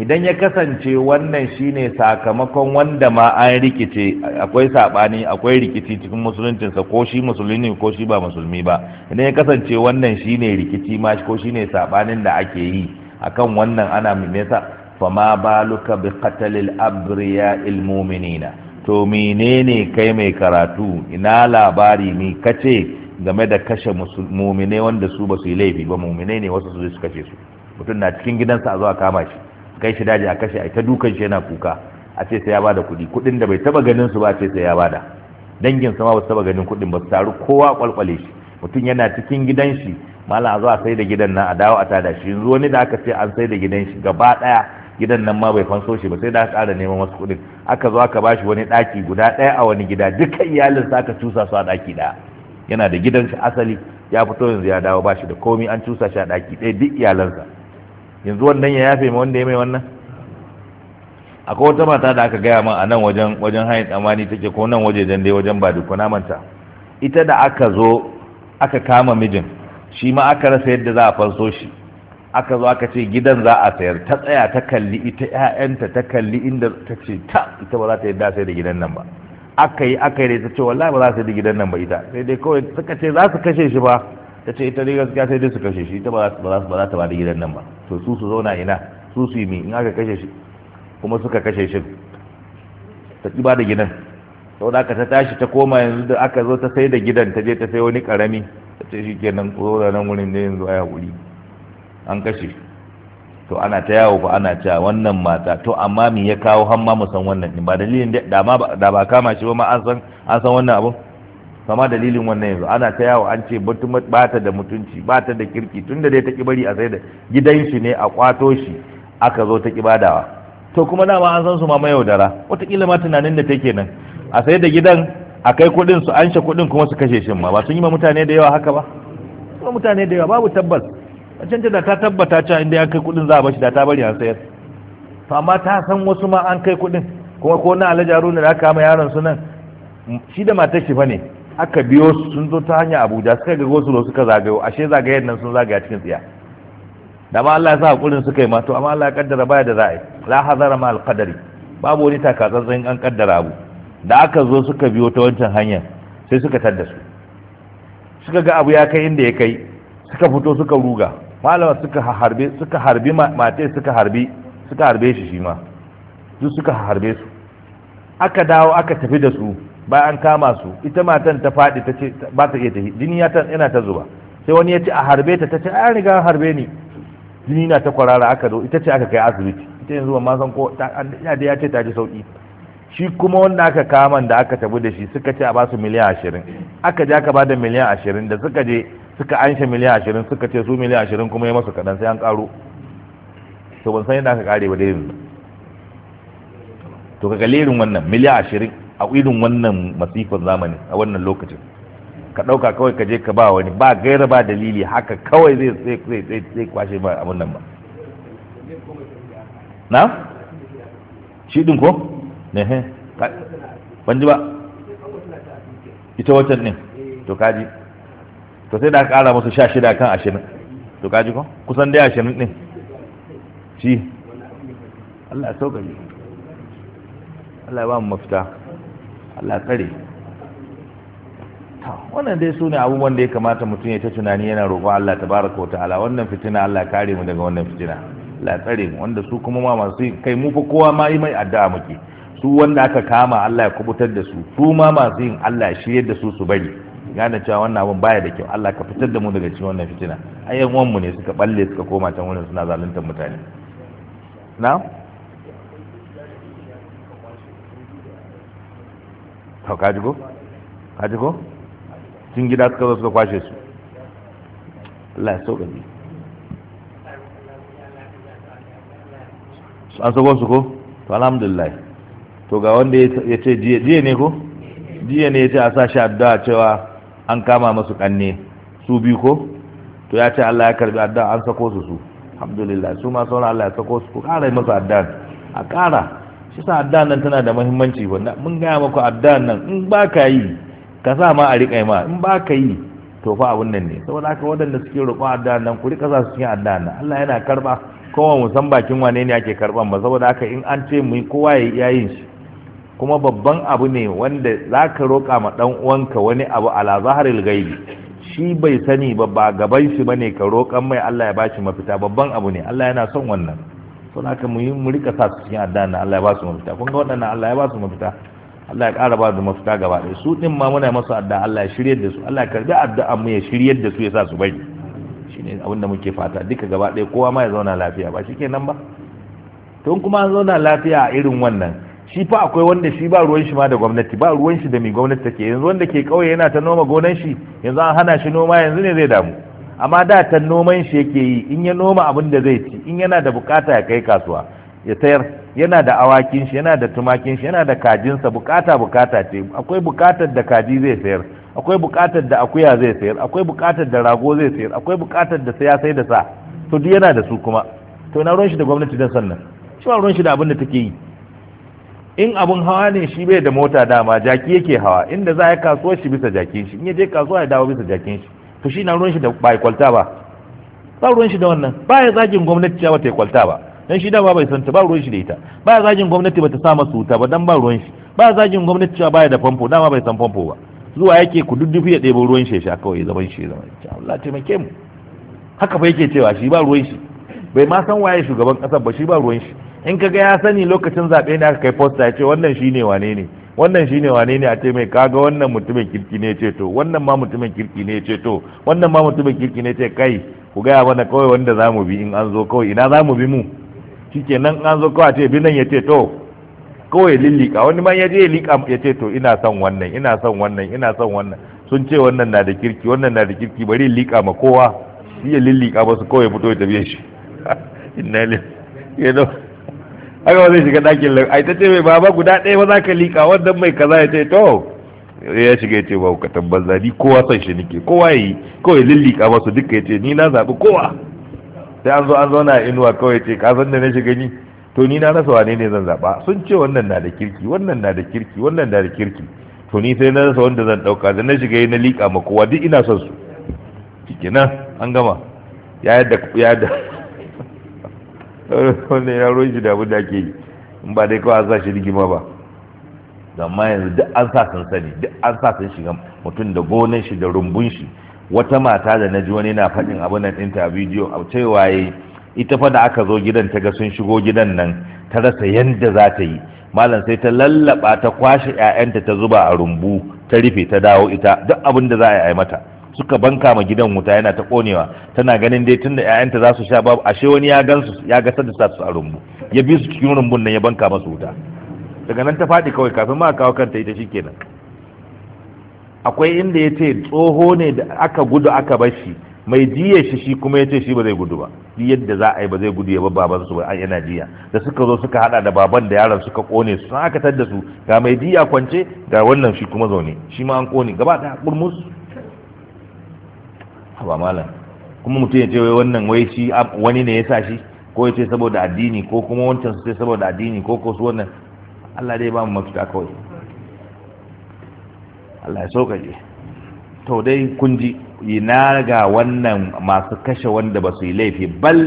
idan ya kasance wannan shine sakamakon wanda ma an rikice akwai sabani akwai rikici cikin musuluncinsa ko shi musulmi ko shi ba musulmi ba idan ya kasance wannan shine rikici ma ko shine sabanin da ake yi akan wannan ana mimesa fama baluka bi qatalil abriya il mu'minina to menene kai mai karatu ina labari ne kace game da kashe mumine wanda su ba su yi laifi ba mumine ne wasu su su kashe su mutum na cikin gidansa a zuwa kama shi kai shi daji a kashe a ta dukan shi yana kuka a ce sai ya bada kuɗi kuɗin da bai taba ganin su ba a ce sai ya bada dangin sama ba su taba ganin kuɗin ba su taru kowa kwalkwale shi mutum yana cikin gidan shi malam a zuwa sai da gidan na a dawo a tada shi yanzu wani da aka ce an sai da gidan shi gaba ɗaya gidan nan ma bai fanso shi ba sai da ƙara neman wasu kuɗin aka zo aka bashi wani ɗaki guda ɗaya a wani gida dukkan iyalinsa aka cusa su a ɗaki ɗaya yana da gidan shi asali ya fito yanzu ya dawo bashi da komi an cusa shi a ɗaki ɗaya duk sa yanzu wannan ya yafe mai wanda ya mai wannan akwai wata mata da aka gaya min a nan wajen wajen hayin tsamani take ko nan wajejen dai wajen ba na manta ita da aka zo aka kama mijin shi ma aka rasa yadda za a fanso shi aka zo aka ce gidan za a sayar ta tsaya ta kalli ita ƴaƴanta ta kalli inda ta ce ta ita ba za ta yadda sai da gidan nan ba aka yi aka yi da ita ce wallahi ba za su da gidan nan ba ita sai dai kawai suka ce za su kashe shi ba ta ce ita dai gaskiya sai dai su kashe shi ita ba za ta ba da gidan nan ba to su su zauna ina su su yi mi in aka kashe shi kuma suka kashe shi ta ki ba da gidan sau da ta tashi ta koma yanzu da aka zo ta sai da gidan ta je ta sai wani karami ta ce shi kenan ko nan wurin ne yanzu a yi haƙuri an kashe to ana ta yawo ko ana ta wannan mata to amma me ya kawo har ma san wannan din ba dalilin da ma da ba kama shi ba ma an san an san wannan abu kama dalilin wannan yanzu ana ta yawo an ce ba ta da mutunci ba ta da kirki tunda dai ta kibari a sai da gidan shi ne a kwato shi aka zo ta kibadawa to kuma dama an san su ma mayaudara wataƙila ma tunanin da take nan a sai da gidan a kai kuɗin su an sha kuɗin kuma su kashe shi ma ba sun yi ma mutane da yawa haka ba mutane da yawa babu tabbas a can da ta tabbata cewa inda ya kai kudin za a bashi da ta bari a sayar to amma ta san wasu ma an kai kudin kuma ko na alaja runa da aka kama yaron su nan shi da matar shi ne aka biyo su sun zo ta hanya abuja suka ga wasu suka zagayo ashe zagayen nan sun zagaya cikin tsiya da ma Allah ya sa hakurin suka yi ma to amma Allah ya kaddara baya da za'a la hazara ma alqadari babu wani takatsantsan an kaddara abu da aka zo suka biyo ta wancan hanyar sai suka tadda su suka ga abu ya kai inda ya kai suka fito suka ruga malama suka harbe suka harbi matai suka harbi suka harbe shi shi ma duk suka harbe su aka dawo aka tafi da su bayan an kama su ita matan ta faɗi ta ce ba ta iya tafi jini yana ta zuba sai wani ya ce a harbe ta ta ce an riga harbe ni jini na ta kwarara aka zo ita ce aka kai asibiti ita yanzu ban ma san ko ya ce ta ji sauki shi kuma wanda aka kaman da aka tafi da shi suka ce a basu miliyan ashirin aka je aka bada miliyan ashirin da suka je suka anshe miliyan ashirin suka ce su miliyan ashirin kuma ya masu kaɗan sai an ƙaro to ban san yadda aka ƙare ba dai yanzu to ka lirin wannan miliyan ashirin a irin wannan masifin zamani a wannan lokacin ka ɗauka kawai ka je ka ba wani ba gaira ba dalili haka kawai zai zai kwashe ba abun nan ba na shi ɗin ko ne he ban ji ba ita watan ne to kaji to sai da kara musu sha shida kan ashirin to kaji ko kusan dai ashirin din shi Allah gani Allah ba mu mafita Allah tsare wannan dai su ne abubuwan da ya kamata mutum ya ta tunani yana roƙon Allah ta baraka wa ta'ala wannan fitina Allah kare mu daga wannan fitina Allah tsare mu wanda su kuma ma masu kai mu fa kowa ma yi mai addu'a muke su wanda aka kama Allah ya kubutar da su su ma masu yin Allah shi shiryar da su su bari gane cewa wannan abun baya da kyau Allah ka fitar da mu daga cikin wannan fitina ai yan uwanmu ne suka balle suka koma can wurin suna zaluntar mutane na to ka ko ka ko cin gida suka zo suka kwashe su Allah ya sauka bi an sako su ko to alhamdulillah to ga wanda ya ce jiya ne ko jiya ne ya ce a sa shi addu'a cewa an kama masu kanne su biyu ko to ya ce Allah ya karbi addan an sako su su alhamdulillah su ma sauran Allah ya sako su ku kara masu addan a kara shi sa addan nan tana da muhimmanci wanda mun gaya maku addan nan in ba ka yi ka sa ma a riƙa ma in ba ka yi to fa abun nan ne saboda haka wadanda suke roƙo addan nan ku riƙa sa su cikin addan nan Allah yana karba kowa musan bakin wane ne ake karban ba saboda haka in an ce mu kowa ya yi yayin shi kuma babban abu ne wanda za ka roƙa ma ɗan uwanka wani abu ala zaharil gaibi shi bai sani ba ba gaban shi bane ka roƙan mai Allah ya bashi mafita babban abu ne Allah yana son wannan to haka mu yi mu rika sa su cikin addana Allah ya basu mafita kun ga waɗannan Allah ya basu mafita Allah ya ƙara ba da mafita gaba ɗaya su ɗin ma muna masu adda Allah ya shirye da su Allah ya karɓi addu'a mu ya shirye da su ya sa su bai. shine abin da muke fata duka gaba ɗaya kowa ma ya zauna lafiya ba shikenan ba to kuma an zauna lafiya a irin wannan shi fa akwai wanda shi ba ruwan shi ma da gwamnati ba ruwan shi da mai gwamnati take yanzu wanda ke kauye yana ta noma gonan shi yanzu an hana shi noma yanzu ne zai damu amma da ta noman shi yake yi in ya noma abin da zai ci in yana da bukata ya kai kasuwa ya tayar yana da awakin shi yana da tumakin shi yana da kajinsa bukata bukata ce akwai bukatar da kaji zai sayar akwai bukatar da akuya zai sayar akwai bukatar da rago zai sayar akwai bukatar da saya sai da sa to duk yana da su kuma to na ruwan shi da gwamnati dan sannan shi ba ruwan shi da abin da take yi in abun hawa ne shi bai da mota dama jaki yake hawa inda za a yi kasuwar shi bisa jakin shi in ya je kasuwa ya dawo bisa jakin shi to shi na ruwan shi da bai kwalta ba ba ruwan shi da wannan ba ya zagin gwamnati cewa ta kwalta ba dan shi dama bai san ta ba ruwan shi da ita ba ya zagin gwamnati bata sa masa wuta ba dan ba ruwan shi ba ya zagin gwamnati cewa ya da famfo dama bai san famfo ba zuwa yake ku duddufi ya ɗebo ruwan shi sha kawai zaman shi zaman shi Allah taimake mu haka fa yake cewa shi ba ruwan shi bai ma san waye shugaban kasar ba shi ba ruwan shi in ga ya sani lokacin zaɓe ne aka kai posta ya ce wannan ne wane ne wannan ne wane ne a ce mai kaga wannan mutumin kirki ne ce to wannan ma mutumin kirki ne ce to wannan ma mutumin kirki ne ce kai ku gaya mana kawai wanda za mu bi in an zo kawai ina za mu bi mu nan an zo kawai a ce bi nan ya ce to kawai lillika wani ma ya je lika ya ce to ina son wannan ina son wannan ina son wannan sun ce wannan na da kirki wannan na da kirki bari lika ma kowa shi ya lillika ba su kawai fito ya tafiye shi [LAUGHS] inna lillahi haka zai shiga ɗakin lauya ai ta ce mai baba guda ɗaya ba za ka liƙa wannan mai kaza ya ce to ya shiga ya ce ba ka banza ni kowa son shi nake kowa yi kawai lillika masu duka ya ce ni na zaɓi kowa sai an zo an zauna a inuwa kawai ce ka san da na shiga ni to ni na rasa wane ne zan zaɓa sun ce wannan na da kirki wannan na da kirki wannan na da kirki to ni sai na rasa wanda zan ɗauka da na shiga yi na liƙa ma kowa duk ina son su kenan an gama ya yadda wannan yaro shi da da ake yi in ba dai kawai an sa shi rigima ba amma yanzu duk an sa sun sani duk an sa sun shiga mutum da gonan shi da rumbun shi wata mata da na ji wani na faɗin abin nan ɗinta a bidiyo a cewa ya ita fa da aka zo gidan ta ga sun shigo gidan nan ta rasa yadda za ta yi malam sai ta lallaba ta kwashe 'ya'yanta ta zuba a rumbu ta rufe ta dawo ita duk abin da za a yi mata suka banka ma gidan wuta yana ta konewa tana ganin dai tunda ƴaƴanta za su sha babu ashe wani ya gansu ya ga sadda sa su a rumbu ya bi su cikin rumbun nan ya banka masu wuta daga nan ta faɗi kawai kafin ma kawo kanta ita kenan. akwai inda ya ce tsoho ne da aka gudu aka bar shi mai jiya shi shi kuma ya ce shi ba zai gudu ba yadda za a yi ba zai gudu ya baban su ba an yana jiya da suka zo suka hada da baban da yaron suka kone su sun aka da su ga mai jiya kwance ga wannan shi kuma zaune shi ma an kone gaba ɗaya kurmus ba malam kuma mutum ya ce wai wannan wai shi wani ne ya sa shi ko ya ce saboda addini ko kuma wancan su ce saboda addini ko ko su wannan Allah dai ba mu mafita kawai Allah ya sauƙaƙe to dai kun ji ina ga wannan masu kashe wanda ba su yi laifi bal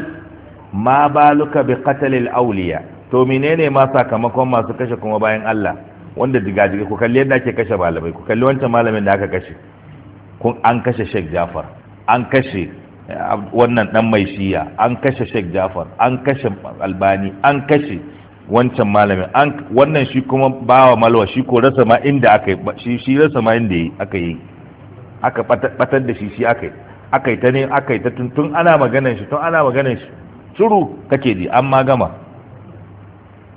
ma baluka bi qatalil awliya to menene ma sakamakon masu kashe kuma bayan Allah wanda diga-diga ku kalli yadda ake kashe malamai ku kalli wancan malamin da aka kashe kun an kashe Sheikh Jafar an kashe eh, wannan dan mai shiya an kashe Sheikh Jafar an kashe Albani an kashe wancan malamin an wannan shi kuma bawa malwa shi ko rasa ma inda aka yi shi shi rasa ma inda yi aka yi aka batar da shi shi aka yi aka yi ta ne aka yi ta tun ana maganar shi tun ana maganar shi shiru kake ji an ma gama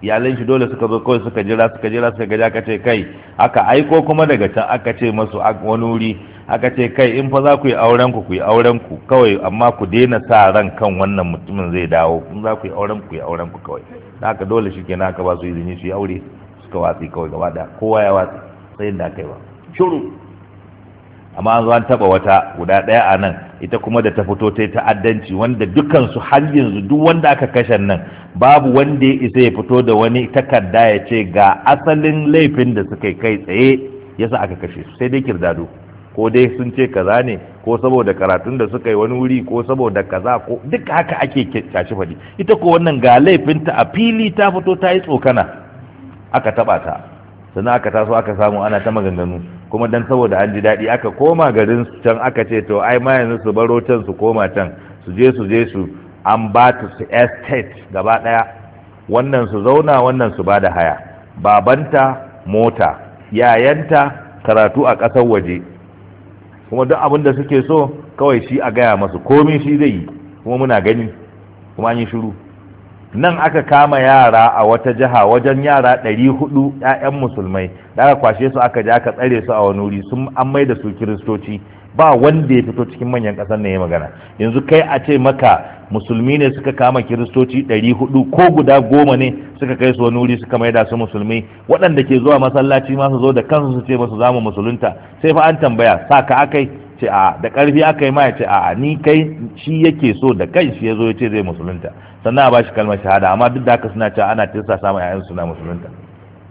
iyalan shi dole suka zo kawai suka jira suka jira suka gaja aka ce kai aka aiko kuma daga can aka ce masu wani wuri aka ce kai in fa za ku yi auren ku ku yi auren ku kawai amma ku daina sa ran kan wannan mutumin zai dawo in za ku yi auren ku ku yi auren ku kawai da aka dole shi kenan aka ba su izini su yi aure suka watsi kawai gaba da kowa ya watsi sai da kai ba shuru amma an zo an taba wata guda daya a nan ita kuma da ta fito ta ta'addanci wanda dukkansu su har yanzu duk wanda aka kashe nan babu wanda ya isa ya fito da wani takarda ya ce ga asalin laifin da suka kai tsaye yasa aka kashe su sai dai kirdado ko dai sun ce kaza ne ko saboda karatun da suka yi wani wuri ko saboda kaza ko duka haka ake tashi faɗi ita ko wannan ga laifinta a fili ta fito ta yi tsokana aka taɓa ta sannan aka taso aka samu ana ta maganganu kuma dan saboda an ji daɗi aka koma garin can aka ce to ai ma yanzu su baro can su koma can su je su je su an ba ta su estate gaba ɗaya wannan su zauna wannan su ba da haya babanta mota yayanta karatu a ƙasar waje kuma duk abin da suke so kawai shi a gaya masu komi shi zai yi kuma muna gani kuma an yi shiru nan aka kama yara a wata jiha wajen yara 400 'ya'yan musulmai da aka kwashe su aka je aka tsare su a wani wuri sun an mai da su kiristoci ba wanda ya fito cikin manyan ƙasar ne ya magana yanzu kai a ce maka musulmi ne suka kama kiristoci ɗari hudu ko guda goma ne suka kai su wani wuri suka maida su musulmi waɗanda ke zuwa masallaci ma su zo da kansu su ce su zamu musulunta sai fa an tambaya sa ka akai ce a da ƙarfi aka yi ma ya ce a ni kai shi yake so da kai shi ya zo ya ce zai musulunta sannan a bashi kalmar shahada amma duk da haka suna cewa ana tirsa samun ƴaƴan suna musulunta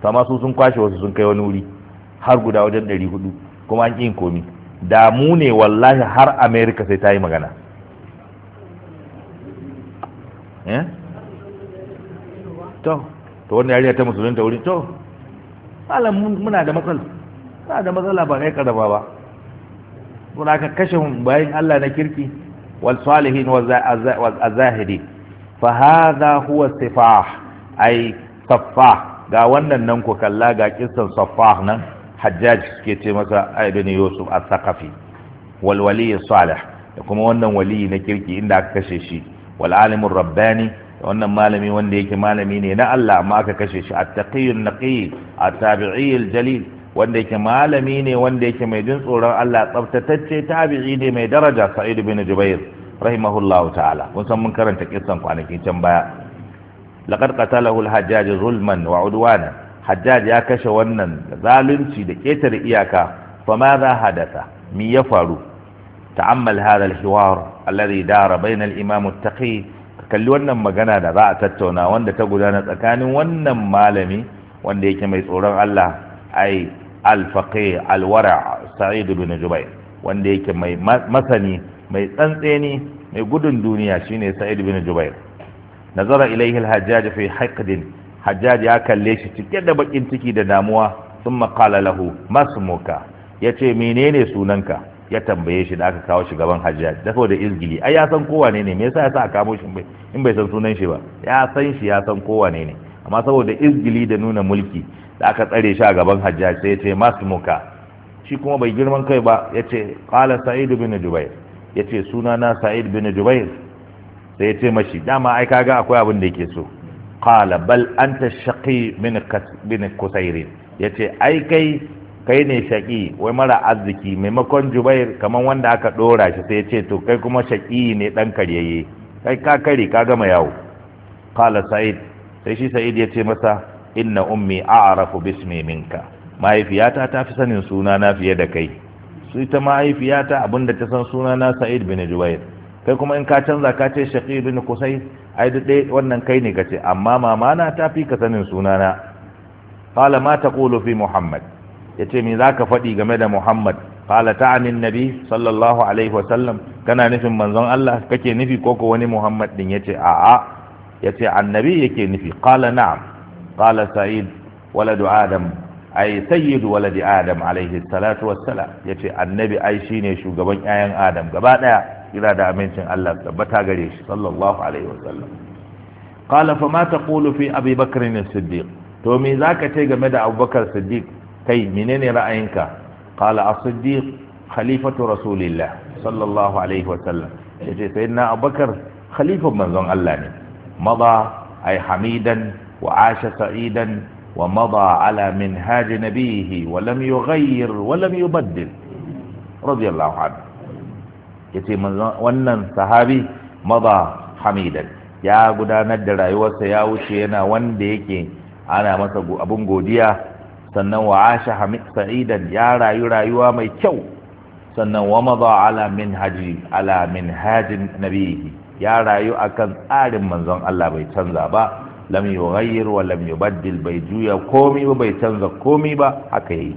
to amma su sun kwashe wasu sun kai wani wuri har guda wajen ɗari hudu kuma an ƙin komi da mu ne wallahi har america sai ta yi magana Eh? to to wannan yariya ta musulunta wuri to malam muna da matsala da matsala ba kai karaba ba don ka kashe bayan Allah na kirki wal salihin wal azahidi fa hadha huwa sifah ai ga wannan nan ku kalla ga kissan safah nan hajjaj suke ce masa ibn yusuf a sakafi wal wali salih da kuma wannan wali na kirki inda aka kashe shi wal rabbani wannan malami wanda yake malami ne na Allah amma aka kashe shi at-taqiyyun naqi at-tabi'iyul jalil wanda yake malami ne wanda yake mai jin tsoron Allah tsaftatacce tabi'i ne mai daraja Sa'id bin Jubair rahimahullahu ta'ala mun san mun karanta kissan kwanaki can baya laqad qatalahu al-hajjaj zulman wa udwana hajjaj ya kashe wannan zalunci da ƙetare iyaka fa ma za hadatha mi ya faru ta'ammal hadha al-hiwar alladhi dara bayna al-imam at-taqi kalli wannan magana da za a tattauna wanda ta gudana tsakanin wannan malami wanda yake mai tsoron Allah ai al-faqih al-wara' sa'id ibn jubair wanda yake mai masani mai tsantseni mai gudun duniya shine sa'id ibn jubair nazara ilayhi al-hajjaj fi haqdin hajjaj ya kalle shi cike da bakin ciki da damuwa thumma qala lahu masmuka yace menene sunanka ya tambaye shi da aka kawo shi gaban hajjaj da saboda izgili ai ya san kowa ne me yasa ya sa a in bai san sunan shi ba ya san shi ya san kowa ne amma saboda izgili da nuna mulki da aka tsare shi a gaban hajjaj sai ya ce masmuka shi kuma bai girman kai ba ya ce qala sa'id bin jubair ya ce suna na sa'id bin jubair sai ya ce mashi dama ai kaga akwai abin da yake so qala bal anta shaqi min bin kusairin ya ce ai kai kai ne shaƙi wai mara arziki maimakon jubair kamar wanda aka ɗora shi sai ce to kai kuma shaƙi ne ɗan karyayye kai ka kare ka gama yawo kala sa'id sai shi sa'id ya ce masa inna ummi a'rafu bismi minka mahaifiyata ta fi sanin sunana fiye da kai su ita mahaifiyata abinda ta san sunana sa'id bin jubair kai kuma in ka canza ka ce shaƙi bin kusai ai duk ɗaya wannan kai ne ka ce amma mamana ta fi ka sanin sunana kala ma ta fi muhammad ya ce me za ka faɗi game da muhammad ƙala ta ta'anin nabi sallallahu alaihi wasallam kana nufin manzon allah kake nufi ko ko wani muhammad din ya ce a'a ya ce annabi yake nufi ƙala na'am ƙala sa'id waladu adam ai sayyidu waladi adam alaihi salatu wassalam ya ce annabi ai shine shugaban ƴaƴan adam gaba ɗaya kira da amincin allah tabbata gare shi sallallahu alaihi wasallam ƙala fa ma taqulu fi abi bakr as-siddiq to me zaka ce game da abubakar siddiq kai menene ra'ayinka qala as-siddiq khalifatu rasulillah sallallahu alaihi wa sallam yace sayyidina abubakar khalifan manzon Allah ne mada ay hamidan wa asha sa'idan wa mada ala minhaj nabihi wa lam yughayyir wa lam yubaddil radiyallahu anhu yace wannan sahabi mada hamidan ya gudanar da rayuwarsa ya wuce yana wanda yake ana masa abun godiya sannan wa asha hamid sa'idan ya rayu rayuwa mai kyau sannan wa madha ala minhaji ala minhajin nabihi ya rayu akan tsarin manzon Allah bai canza ba lam yughayyir wa lam bai juya komi ba bai canza komi ba haka yi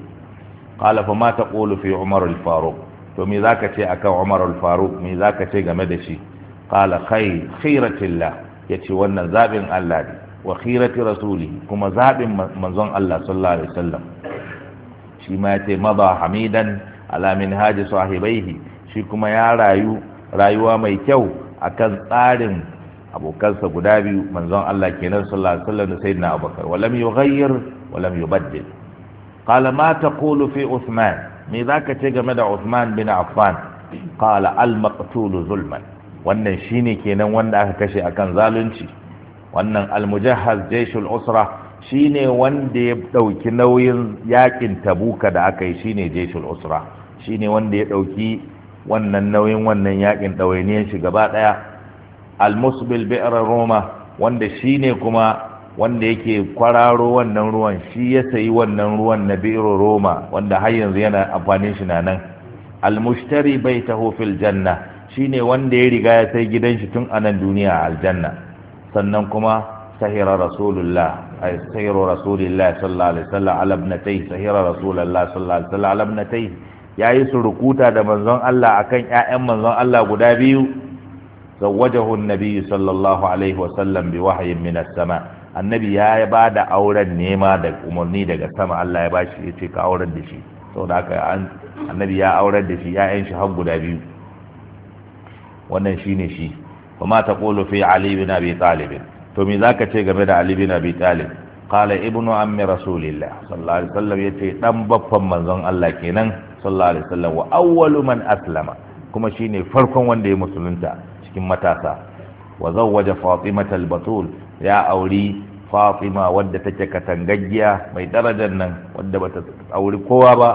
Kala fa mata taqulu fi umar al-faruq to me zaka ce akan umar al-faruq me zaka ce game da shi qala khay khiratillah yace wannan zabin Allah ne wa khirati rasuli kuma zaɓin manzon Allah sallallahu alaihi wasallam shi ma ya ce maza hamidan ala min haji sahibaihi shi kuma ya rayu rayuwa mai kyau akan tsarin abokansa guda biyu manzon Allah kenan sallallahu alaihi wasallam da sayyidina Abubakar wa lam yughayyir wa lam yubaddil qala ma taqulu fi Uthman me zaka ce game da Uthman bin Affan qala al maqtul zulman wannan shine kenan wanda aka kashe akan zalunci wannan almujahaz jaishul usra shine wanda ya dauki nauyin yakin tabuka da aka yi shine jaishul usra shine wanda ya dauki wannan nauyin wannan yakin dawainiyan shi gaba daya almusbil bi'r roma wanda shine kuma wanda yake kwararo wannan ruwan shi ya sayi wannan ruwan na bi'r roma wanda har yanzu yana amfanin shi na nan almushtari baitahu fil janna shine wanda ya riga ya sai gidan shi tun anan duniya aljanna sannan kuma sahira rasulullah ay sahiru rasulullah sallallahu alaihi wasallam ala ibnatayhi sahira rasulullah sallallahu alaihi wasallam ala ibnatayhi yayi surukuta da manzon Allah akan ƴaƴan manzon Allah guda biyu zawwajahu an-nabi sallallahu alaihi wasallam bi wahyin min as-sama annabi ya ba da auren nema da umarni daga sama Allah ya bashi ya ka auren da shi saboda haka annabi ya auren da shi ya'yan shi har guda biyu wannan shine shi wa ma taqulu fi ali bin abi talib to me zaka ce game da ali bin abi talib qala ibnu ammi rasulillah sallallahu alaihi wasallam yace dan baffan manzon Allah kenan sallallahu alaihi wasallam wa awwalu man aslama kuma shine farkon wanda ya musulunta cikin matasa wa zawwaja fatimata al-batul ya auri fatima wadda take katangaggiya mai darajar nan wadda bata auri kowa ba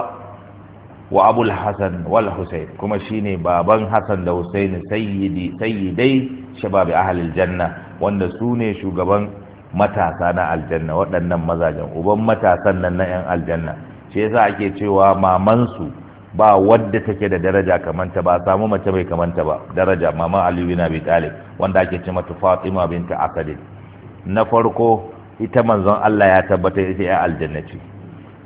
wa abul hasan wal husain kuma shine baban hasan da Hussaini sayyidi sayyidai shabab ahlil janna wanda su ne shugaban matasa na aljanna waɗannan mazajen uban matasan nan na 'yan aljanna shi yasa ake cewa mamansu ba wadda take da daraja kamanta ba samu mace mai kamanta ba daraja maman aliyu bin abi talib wanda ake ce mata fatima binta asadin na farko ita manzon Allah ya tabbata ita ya aljanna ce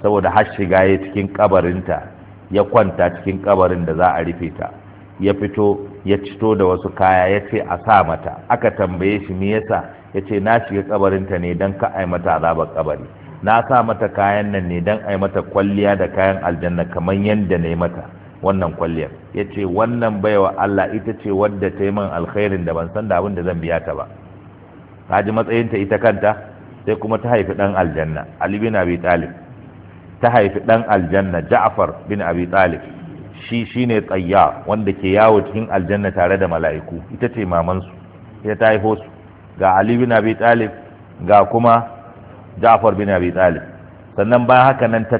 saboda har shiga ya cikin kabarinta ya kwanta cikin kabarin da za a rufe ta ya fito ya cito da wasu kaya ya ce a sa mata aka tambaye shi me yasa ya ce na shiga kabarinta ne don ka ai mata azabar kabari na sa mata kayan nan ne don ai mata kwalliya da kayan aljanna kamar yadda na mata wannan kwalliyar ya ce wannan baiwa Allah ita ce wadda ta yi min alkhairin da ban san da abin da zan biya ta ba ta ji matsayinta ita kanta sai kuma ta haifi ɗan aljanna Ali bin Abi Talib ta haifi dan aljanna Ja'far bin Abi Talib shi shine tsayya wanda ke yawo cikin aljanna tare da mala'iku ita ce mamansu ita ta haifo su ga Ali bin Abi Talib ga kuma Ja'far bin Abi Talib sannan bayan haka nan ta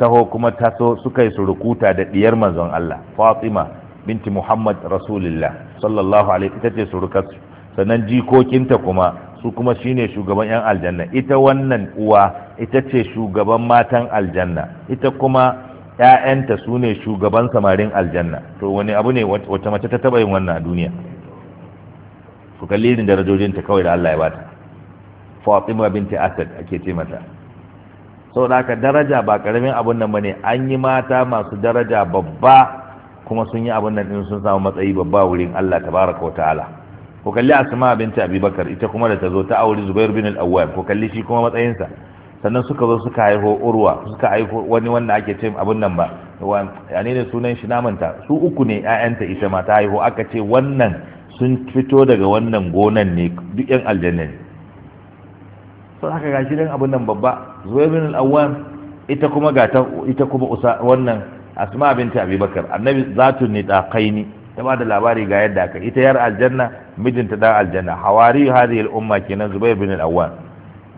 taho kuma ta so suka yi surukuta da diyar manzon Allah Fatima binti Muhammad Rasulullah sallallahu alaihi ita ce surukarsu sannan jikokinta kuma su kuma shine shugaban yan aljanna ita wannan uwa ita ce shugaban matan aljanna ita kuma ƴaƴanta su ne shugaban samarin aljanna to wani abu ne wata mace ta taɓa yin wannan a duniya ku kalli irin darajojinta kawai da Allah ya bata Fatima binti Asad ake ce mata sau da haka daraja ba karamin abun nan bane an yi mata masu daraja babba kuma sun yi abun nan din sun samu matsayi babba wurin Allah tabaraka wa ta'ala ko kalli asma binti abubakar ita kuma da ta zo ta auri zubair bin al ko kalli shi kuma matsayinsa sannan suka zo suka haihu urwa suka haifo wani wanda ake ce abun nan ba ya ne sunan shi namanta su uku ne ƴaƴanta ita ma ta haihu aka ce wannan sun fito daga wannan gonan ne duk ƴan aljanna ne sun haka gashi dan abun nan babba zubair bin al-awwam ita kuma ga ita kuma usa wannan asma binta abubakar annabi zatun ni daqaini ta ba da labari ga yadda aka ita yar aljanna mijinta dan aljanna hawari hadhihi al-umma kenan zubair bin al-awwal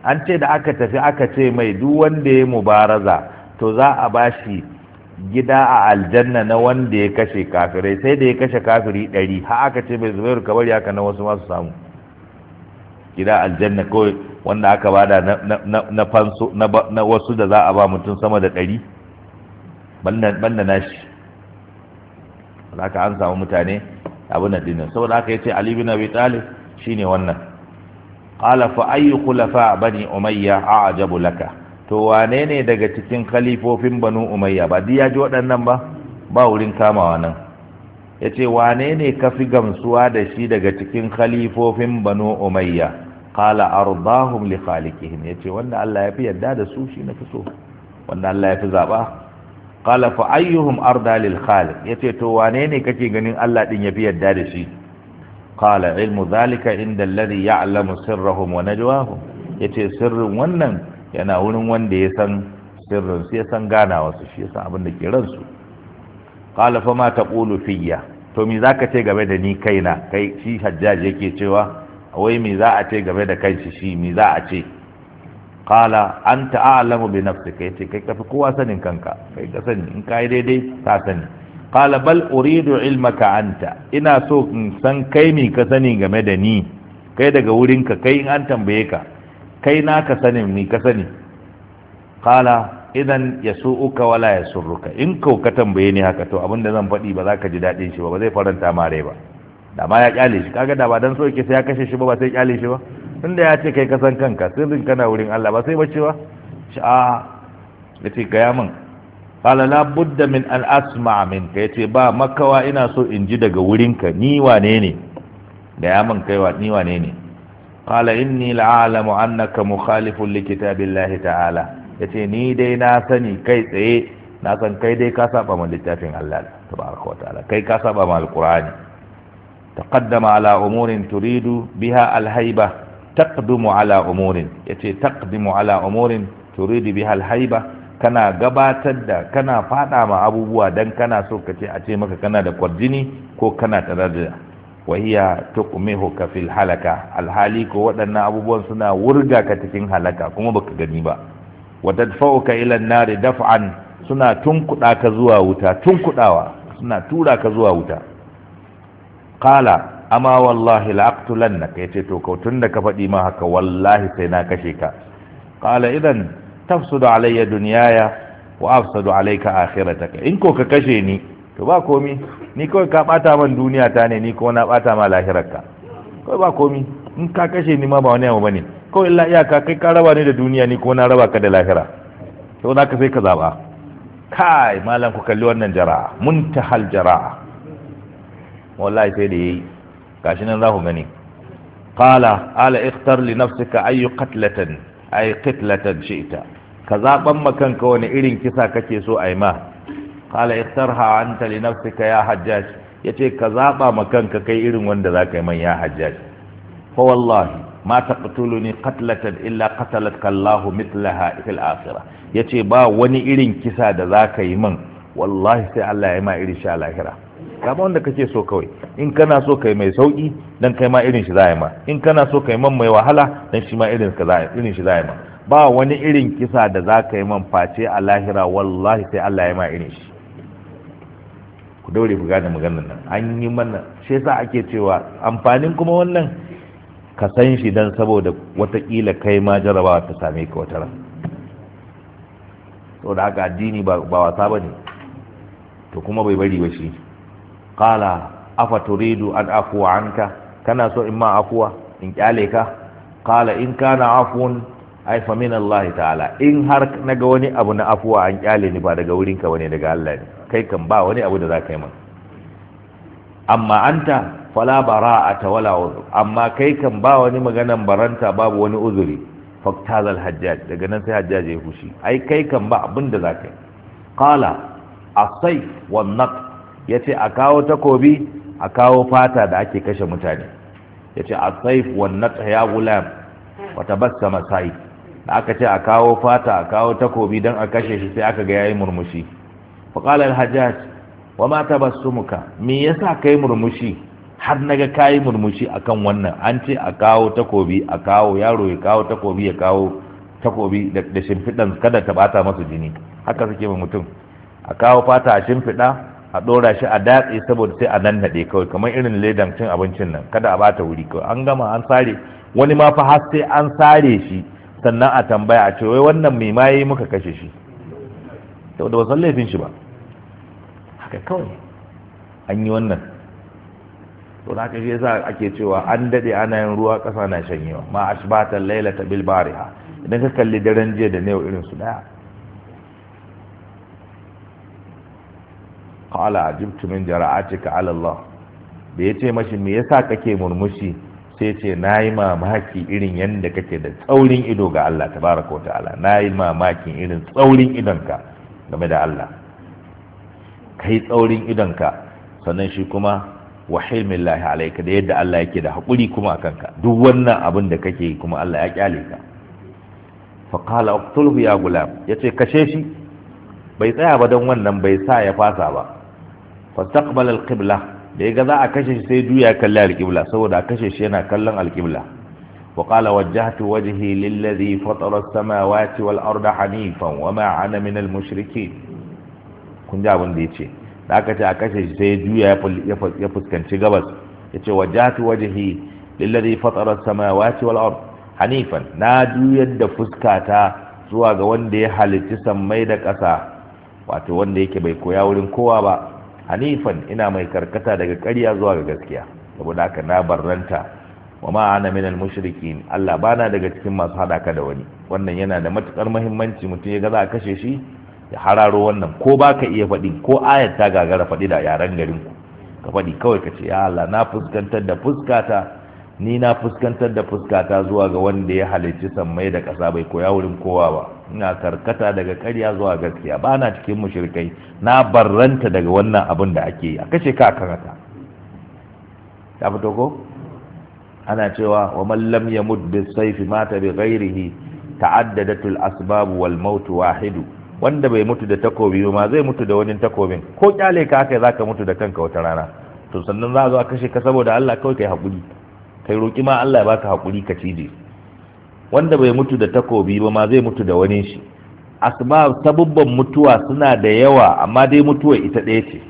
an ce da aka tafi aka ce mai duk wanda ya mubaraza to za a bashi gida a aljanna na wanda ya kashe kafirai sai da ya kashe kafiri ɗari ha aka ce mai zubair ka bari haka na wasu masu samu gida aljanna kawai wanda aka bada na na wasu da za a ba mutum sama da ɗari banda shi. haka an samu mutane abin na dinin saboda haka yace Ali bin Abi Talib shine wannan qala fa ayyu khulafa bani umayya a'jabu laka to wane ne daga cikin khalifofin banu umayya ba diya ya ji waɗannan ba ba wurin kamawa nan yace wane ne ka fi gamsuwa da shi daga cikin khalifofin banu umayya qala ardahum li khaliqihim yace wanda Allah ya fi yarda da su shi na fi so wanda Allah ya fi zaba qala fa ayyuhum arda lil khaliq yace to wane ne kake ganin Allah din yafi yadda da shi qala ilmu zalika inda alladhi ya'lamu sirrahum wa najwahum yace sirrin wannan yana wurin wanda ya san sirrin su ya san ganawa su shi san abin da ke ransu qala fa ma taqulu fiyya to me zaka ce game da ni kaina kai shi hajjaji yake cewa wai me za a ce game da kanshi shi me za a ce qala anta a'lamu bi nafsika yace kai kafi kowa sanin kanka kai ka sani in kai daidai ka sani qala bal uridu ilmaka anta ina so in san kai me ka sani game da ni kai daga wurinka kai in an tambaye ka kai na ka sani ni ka sani qala idan yasu'uka wala yasurruka in kau ka tambaye ni haka to abinda zan faɗi ba za ka ji daɗin shi ba ba zai faranta mare ba da ma ya kyale shi kaga da ba dan so yake sai ya kashe shi ba ba sai kyale shi ba tunda ya ce kai kasan kanka sirrin kana wurin Allah ba sai bace ba Ya yace gaya min ala la budda min an asma minka yace ba makawa ina so in ji daga wurin ka. ni wane ne gaya min kai ni wane ne ala inni alamu annaka mukhalifun li kitabillahi ta'ala yace ni dai na sani kai tsaye na san kai dai ka saba ma littafin Allah tabaraka wa ta'ala kai ka saba alqur'ani taqaddama ala umurin turidu biha alhaiba taqdumu ala umurin yace taqdimu ala umurin turidu biha alhaiba kana gabatar da kana fada ma abubuwa dan kana so ka ce a ce maka kana da kwarjini ko kana tare da wahiya ka fil halaka alhali ko waɗannan abubuwan suna wurga ka cikin halaka kuma baka gani ba wa tadfa'uka ila an daf'an suna tunkuda ka zuwa wuta tunkudawa suna tura ka zuwa wuta qala amma wallahi la'aqtulannaka ce to ko tunda ka faɗi ma haka wallahi sai na kashe ka qala idan tafsudu alayya dunyaya wa afsadu alayka akhirataka in ko ka kashe ni to ba komi ni kawai ka bata man duniya ta ne ni ko na bata ma lahirarka kawai ba komi in ka kashe ni ma ba wani abu ne, kawai illa iyaka kai ka raba ni da duniya ni ko na raba ka da lahira to na ka sai ka zaɓa. kai malam ku kalli wannan jara'a muntahal jara'a wallahi sai da yayi gashi nan za ku gani qala ala ikhtar li nafsika ayu qatlatan ay qitlatan shi'ta ka zaban makanka wani irin kisa kake so ai ma qala ikhtarha anta li nafsika ya hajjaj yace ka zaba makanka kai irin wanda zaka yi man ya hajjaj fa wallahi ma taqtuluni qatlatan illa qatalatka Allahu mithlaha fil akhirah yace ba wani irin kisa da zaka yi man wallahi sai Allah ya ma irin sha lahira kama wanda kake so kawai in kana so kai mai sauki dan kai ma irin shi zai ma in kana so kai man mai wahala dan shi ma irin ka zai irin shi zai ma ba wani irin kisa da za ka yi man face a lahira wallahi sai Allah ya ma irin shi ku daure ku gane maganar nan an yi mana shi yasa ake cewa amfanin kuma wannan ka san shi dan saboda watakila kai ma jarabawa ta same ka wata ran saboda haka addini ba wasa bane to kuma bai bari ba shi qala afa turidu an afu anka kana so in ma afuwa in kyale ka qala in kana afun ay fa min Allah ta'ala in har naga wani abu na afuwa an kyale ni ba daga wurin ka bane daga Allah ne kai kan ba wani abu da za ka yi min amma anta fala bara'ata wala uzur amma kai kan ba wani maganan baranta babu wani uzuri al hajjaj daga nan sai hajjaj ya fushi ai kai kan ba abin da za ka yi qala asai wan naqt ya ce a kawo takobi a kawo fata da ake kashe mutane ya ce a saif wannan ya gulam wata basta masai da aka ce a kawo fata a kawo takobi don a kashe shi sai aka ga yayi murmushi faƙalar hajjaj wa mata ba su muka me yasa kai murmushi har na ga kayi murmushi akan wannan an ce a kawo takobi a kawo yaro ya kawo takobi ya kawo takobi da shimfiɗan kada ta ɓata masu jini haka suke ma mutum a kawo fata a shimfiɗa a ɗora shi a datse saboda sai a nan naɗe kawai kamar irin ledan cin abincin nan kada a bata wuri kawai an gama an sare wani ma fa har sai an sare shi sannan a tambaya a ce wai wannan mai ma yayi muka kashe shi saboda ba san laifin shi ba haka kawai an yi wannan to haka shi yasa ake cewa an daɗe ana yin ruwa ƙasa na shanyewa ma ashbatan lailata bil bariha idan ka kalli daren jiya da ne irin su daya qala ajibtu min jara'atika ala Allah da yace mashi me yasa kake murmushi sai ce nayi mamaki irin yanda kake da tsaurin ido ga Allah tabaraka ta'ala nayi mamakin irin tsaurin idonka game da Allah kai tsaurin idonka sannan shi kuma wa hilmillahi alayka da yadda Allah yake da hakuri kuma ka duk wannan abin da kake kuma Allah ya kyale ka fa qala uqtulhu ya gulam yace kashe shi bai tsaya ba don wannan bai sa ya fasa ba fastaqbala alqibla da yaga za a kashe shi sai juya kalli alqibla saboda a kashe shi yana kallon alqibla wa qala wajjahtu wajhi lilladhi fatara as-samawati wal arda hanifan wama ana min al-mushrikeen kun ji abin da yace da aka ce a kashe shi sai juya ya fuskanci gabas yace wajjahtu wajhi lilladhi fatara as-samawati wal arda hanifan na juyar da fuskata zuwa ga wanda ya halicci sammai da ƙasa wato wanda yake bai koya wurin kowa ba hanifan ina mai karkata daga karya zuwa ga gaskiya saboda haka na barranta wa ma ana al mushrikin Allah bana daga cikin masu hada ka da wani wannan yana da matukar muhimmanci mutum ya ga za a kashe shi ya hararo wannan ko baka iya faɗi ko ayat ta gagara faɗi da yaren garin ku ka faɗi kawai ka ce ya Allah na fuskantar da fuskata ni na fuskantar da fuskata zuwa ga wanda ya halicci sammai da ƙasa bai koya wurin kowa ba ina karkata daga karya zuwa gaskiya ba na cikin mushirkai na barranta daga wannan abin da ake yi a kashe ka karata ta fito ko ana cewa wa man lam yamut bis sayfi mata bi ghairihi ta'addadatul asbab wal maut wahidu wanda bai mutu da takobi ba ma zai mutu da wani takobin ko kyale ka haka zaka mutu da kanka wata rana to sannan za a zo a kashe ka saboda Allah kawai kai hakuri kai roki ma Allah ya baka hakuri ka cije wanda bai mutu da takobi ba ma zai mutu da wani shi asma sabubban mutuwa suna da yawa amma dai mutuwa ita ɗaya ce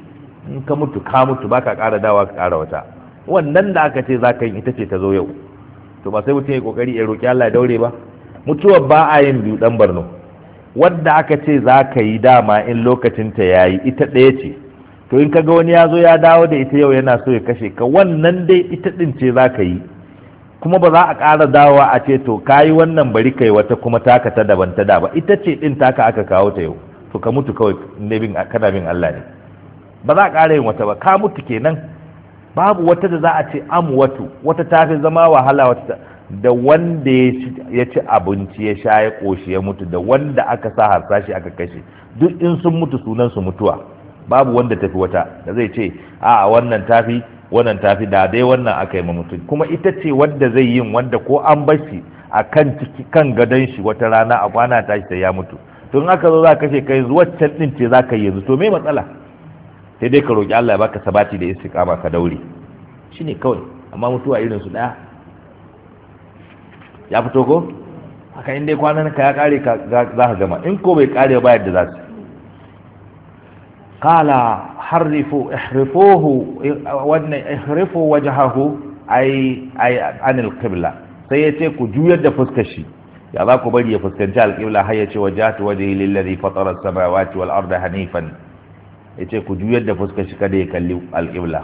in ka mutu ka mutu baka ƙara dawa ka ƙara wata wannan da aka ce zaka yi ita ce ta zo yau to ba sai mutum ya kokari ya roki Allah ya daure ba mutuwar ba a yin biyu dan barno wanda aka ce zaka yi dama in lokacin ta yayi ita ɗaya ce to in kaga wani ya zo ya dawo da ita yau yana so ya kashe ka wannan dai ita din ce zaka yi kuma ba za a ƙara dawa a ce to yi wannan bari kai wata kuma taka ta daban ta da ba ita ce ɗin taka aka kawo ta yau to ka mutu kawai bin kana bin Allah ne ba za a ƙara yin wata ba ka mutu kenan babu wata da za a ce watu, wata ta fi zama wahala wata da wanda ya ci abinci ya sha ya koshi ya mutu da wanda aka sa harsashi aka kashe duk in sun mutu sunan su mutuwa babu wanda tafi wata da zai ce a wannan tafi wannan fi da dai wannan aka yi mutum kuma ita ce wadda zai yin wanda ko an bashi a kan ciki kan gadon shi wata rana a kwana shi ta ya mutu to in aka zo za ka kashe kai can din ce za ka yi yanzu to me matsala sai dai ka roƙi Allah ya baka sabati da istiqama ka daure shine kawai amma mutuwa irin su daya ya fito ko haka in dai kwanan ka ya kare ka za ka gama in ko bai kare ba yadda za su قال حرفوا احرفوه احرفوا وجهه أي, أي عن القبلة سيأتي كجوية دفسكشي ya za ku bari ya fuskanci alƙibla har ya ce wa jatu waje lillazi fatara samawati wal arda hanifan ya ce ku juyar da fuskar shi kada ya kalli alƙibla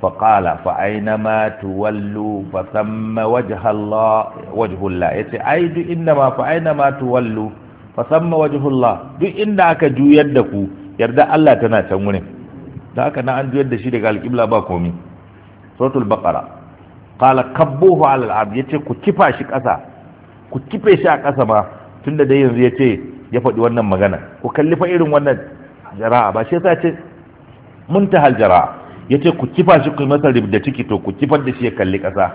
fa qala fa aina ma tuwallu fa thamma wajha Allah wajhu Allah yace ai duk inda ma fa aina ma tuwallu fa thamma wajhu Allah duk inda aka juyar da ku yarda Allah tana can wurin da aka na an juyar da shi daga alƙibla ba komi suratul baqara Ƙala kabbuhu ala al-ard ku kifa shi ƙasa ku kife shi a ƙasa ma tunda dai yanzu ce ya faɗi wannan magana ku kalli fa irin wannan jara'a ba shi yasa ce jara. jara'a yace ku kifa shi ku masa da ciki to ku kifar da shi ya kalli ƙasa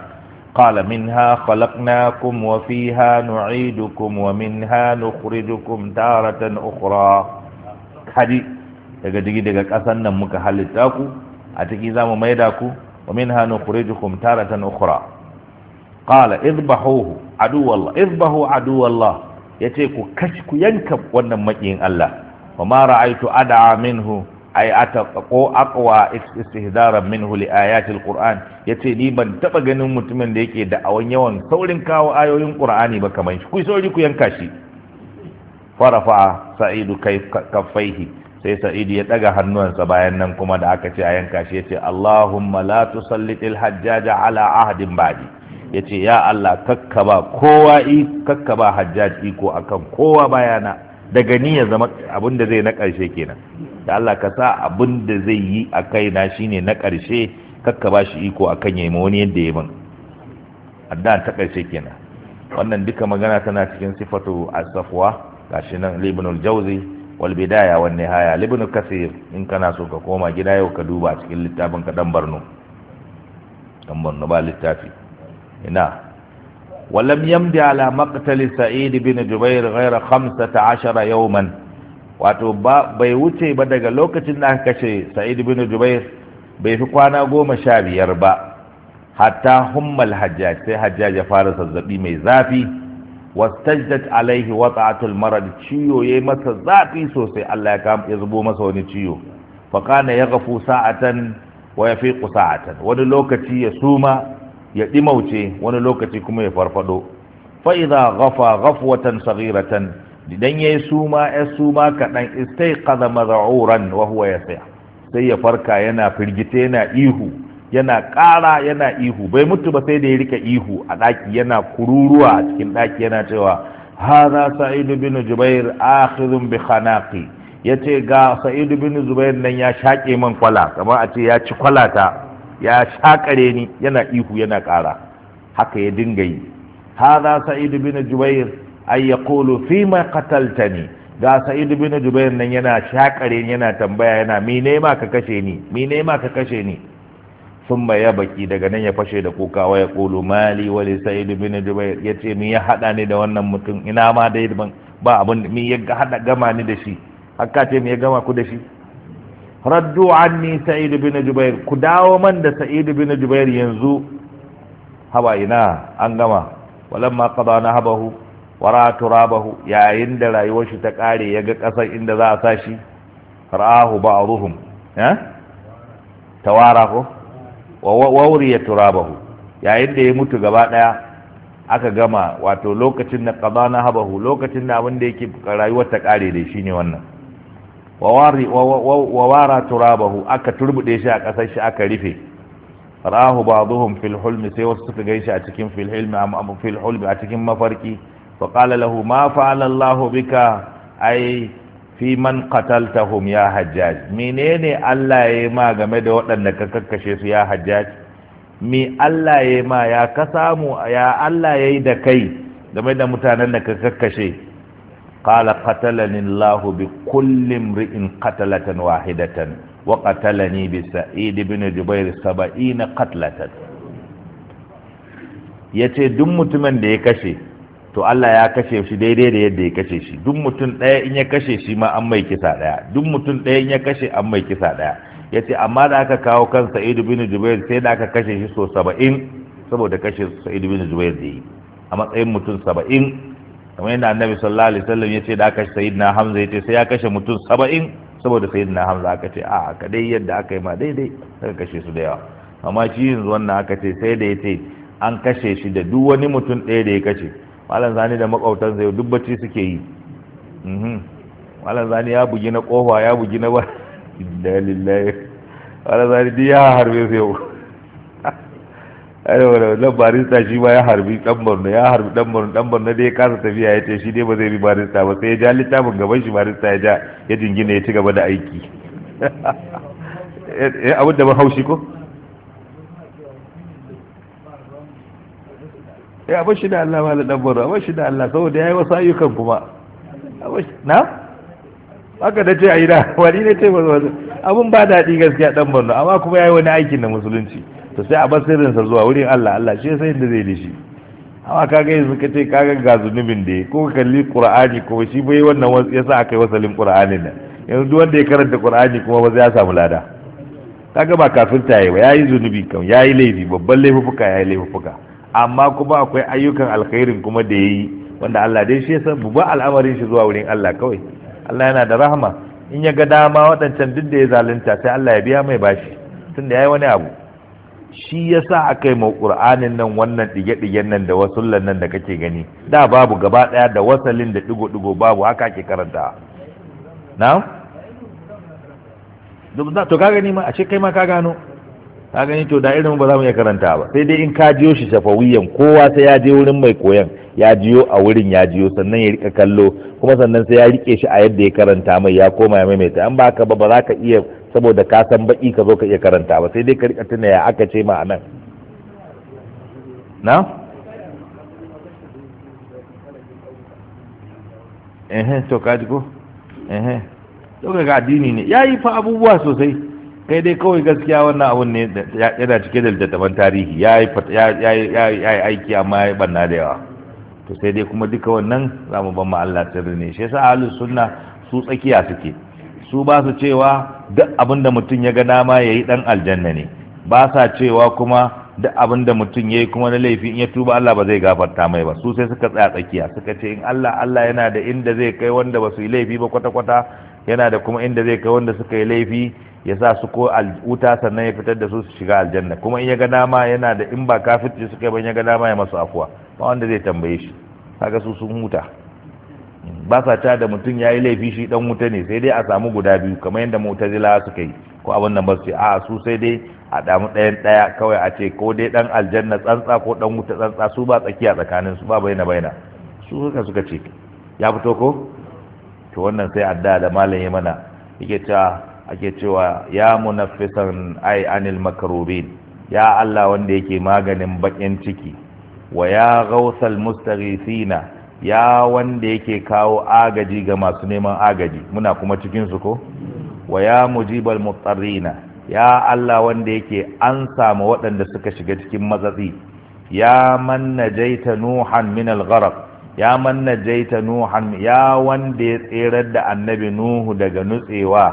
ha minha khalaqnakum wa fiha nu'idukum wa minha nukhrijukum taratan ukhra hadi daga jigi daga kasan nan muka halitta ku a ciki mu maida ku wa minha nukhrijukum taratan ukhra qala izbahuhu adu izbahu aduwallah ya ce ku kashi ku yanka wannan makiyin Allah wa ma ra'aytu ad'a minhu ay ataqo aqwa istihdaran minhu li ayati alquran yace ni ban taba ganin mutumin da yake da awan yawan saurin kawo ayoyin qur'ani ba kamar shi ku sauri ku yanka shi farafa sa'idu kaffaihi sai sa'idu ya daga hannuwansa bayan nan kuma da aka ce a yanka shi yace Allahumma la tusallitil hajjaja ala ahadin ba'di yace ya Allah kakkaba kowa i kakkaba hajjaj iko akan kowa bayana daga ni ya zama abun da zai na karshe kenan da Allah ka sa abun da zai yi a kaina shine na karshe kakkaba shi iko akan yayi wani yadda yayi min addan ta karshe kenan wannan duka magana tana cikin sifatu as-safwa gashi nan ibn al-jawzi wal bidaya wan nihaya kasir in kana so ka koma gida yau ka duba cikin littafin ka dan barno dan barno ba littafi ina ولم يمضي على مقتل سعيد بن جبير غير 15 يوما wato bai wuce ba daga lokacin da aka kashe sa'id bin jubair bai fi kwana goma sha biyar ba hatta hummal hajjaj sai hajjaj ya fara zazzabi mai zafi wastajdat alaihi wata'atul marad ciyo yayi masa zafi sosai Allah ya kama ya zubo masa wani ciyo fa kana yaghfu sa'atan wa yafiqu sa'atan wani lokaci ya suma ya dimauce wani lokaci kuma ya farfado fa idza ghafa ghafwatan saghiratan idan yayi suma ya suma kadan istayqadha mad'uran wa huwa yasih sai ya farka yana firgite yana ihu yana ƙara yana ihu bai mutu ba sai da ya rika ihu a ɗaki yana kururuwa a cikin ɗaki yana cewa za sa'idu bin jubair akhirun bi khanaqi yace ga sa'idu bin jubair nan ya shaƙe man kwala kamar a ce ya ci kwalata ya shaƙare ni yana ihu yana ƙara haka ya dinga yi za sa'idu bin jubair ay yaqulu ma qataltani ga sa'idu bin jubair nan yana shaƙare ni yana tambaya yana me ne ma ka kashe ni me ne ma ka kashe ni sun ya baki daga nan ya fashe da kukawa ya ƙulu mali wali sa'id bin jubair ya ce mi ya hada ne da wannan mutum ina ma dai ban ba abin mi ya hada gama ni da shi hakka ce mi ya gama ku da shi raddu anni sa'id bin jubair ku dawo man da sa'id bin jubair yanzu haba ina an gama walamma qada habahu wara turabahu yayin da rayuwar shi ta kare ya ga kasar inda za a sa shi ra'ahu ba'dhum ya eh tawara ko wawuri ya turabahu yayin da ya mutu gaba daya aka gama wato lokacin da qada na habahu lokacin da abin da yake rayuwar ta kare da shine wannan wawara turabahu aka turbude shi a kasar shi aka rufe rahu ba'dhum fil hulm sai wasu suka gaishe a cikin fil hilm am fil a cikin mafarki fa qala lahu ma fa'ala Allahu bika ai fi man qataltahum ya hajjaj menene Allah ya yi ma game da waɗanda ka kakkashe su ya hajjaj me Allah ya yi ma ya ka samu ya Allah ya yi da kai game da mutanen da ka kakkashe qala qatalani Allah bi kulli imri'in qatalatan wahidatan wa qatalani bi sa'id ibn jubair 70 qatlatan yace duk mutumin da ya kashe to Allah ya kashe shi daidai da yadda ya kashe shi duk mutum ɗaya in ya kashe shi ma an mai kisa ɗaya duk mutum ɗaya in ya kashe an mai kisa ɗaya ya ce amma da aka kawo kan sa'idu bin jubair sai da aka kashe shi so saba'in saboda kashe sa'idu bin jubair da yi a matsayin mutum saba'in kamar yadda annabi sallallahu alaihi wasallam ya ce da aka kashe na hamza ya ce sai ya kashe mutum saba'in saboda na hamza aka ce a ka dai yadda aka yi ma daidai aka kashe su da yawa amma shi yanzu wannan aka ce sai da ya ce an kashe shi da duk wani mutum ɗaya da ya kashe malam zani da makautan zai duk suke yi mhm. malam zani ya bugi na kofa ya bugi na ba da lillahi malam zani duk ya harbe sai yau arewa [LAUGHS] da wannan barista shi ma ya harbi dan borno ya harbi dan borno dan borno dai ya kasa tafiya ya ce shi dai ba zai bi barista ba sai ya ja littafin gaban shi barista ya ja ya jingina ya ci gaba da aiki [LAUGHS] eh, eh, abin da ba haushi ko ya ba shi da Allah ma da dan ba shi da Allah saboda yayi wasu ayyukan kuma na haka da ce a yi da [LAUGHS] wani ne ce wasu abun ba daɗi gaskiya dan baro amma kuma yayi wani aikin na musulunci to sai a basirin sa zuwa wurin Allah Allah shi sai inda zai da shi amma ga yanzu ka ce ka ga zunubin da ko ka kalli qur'ani ko shi bai wannan yasa aka yi wasalin qur'anin nan yanzu duk wanda ya karanta qur'ani kuma ba ya samu lada kaga ba kafirta yayi ba yayi zunubi kam yayi laifi babban laifuka yayi laifuka amma kuma akwai ayyukan alkhairin kuma da yayi wanda Allah dai shi yasa buba al'amarin shi zuwa wurin Allah kawai Allah yana da rahama in ya ga dama wadancan duk da ya zalunta sai Allah ya biya mai bashi tun ya yayi wani abu shi yasa aka yi qur'anin nan wannan ɗige-ɗigen nan da wasullan nan da kake gani da babu gaba ɗaya da wasalin da ɗigo-ɗigo babu haka ake karanta na? to ka gani ma a kai ma ka gano ka gani to da irin ba za mu iya karanta ba sai dai in ka jiyo shi shafawiyan kowa sai ya je wurin mai koyan ya jiyo a wurin ya jiyo sannan ya rika kallo kuma sannan sai ya rike shi a yadda ya karanta mai ya koma ya maimaita an ba ka ba ba za ka iya saboda ka san baki ka zo ka iya karanta ba sai dai ka rika tuna ya aka ce ma nan. na ehe to ka ji ko ehe to ga addini ne yayi fa abubuwa sosai kai dai kawai gaskiya wannan abun ne yana cike da littattafan tarihi ya yi aiki amma ya banna da yawa to sai dai kuma duka wannan za mu ban ma Allah sirri ne shi yasa ahlus sunna su tsakiya suke su ba su cewa duk abin da mutum ya ga dama yi dan aljanna ne ba sa cewa kuma duk abin da mutum ya yi kuma na laifi in ya tuba Allah ba zai gafarta mai ba su sai suka tsaya tsakiya suka ce in Allah Allah yana da inda zai kai wanda ba su yi laifi ba kwata kwata yana da kuma inda zai kai wanda suka yi laifi ya sa su ko wuta sannan ya fitar da su su shiga aljanna kuma in ya ga dama yana da in ba kafirci suka yi ban ya ga dama ya masu afuwa ba wanda zai tambaye shi kaga su sun huta ba sa ta da mutum ya yi laifi shi dan wuta ne sai dai a samu guda biyu kamar yadda zila suka yi ko abin nan ba su a su sai dai a damu ɗayan ɗaya kawai a ce ko dai dan aljanna tsantsa ko dan wuta tsantsa su ba tsakiya tsakanin su ba baina baina su suka suka ce ya fito ko to wannan sai adda da malam ya mana yake cewa ake cewa ya munaffisan ai anil makarubin ya Allah wanda yake maganin bakin ciki wa ya ghausal mustaghisina ya wanda yake kawo agaji ga masu neman agaji muna kuma cikin su ko wa ya mujibal mutarrina ya Allah wanda yake an samu waɗanda suka shiga cikin matsatsi ya man najaita nuhan min al-gharq ya manna jaita nuhan ya wanda ya tserar da annabi nuhu daga nutsewa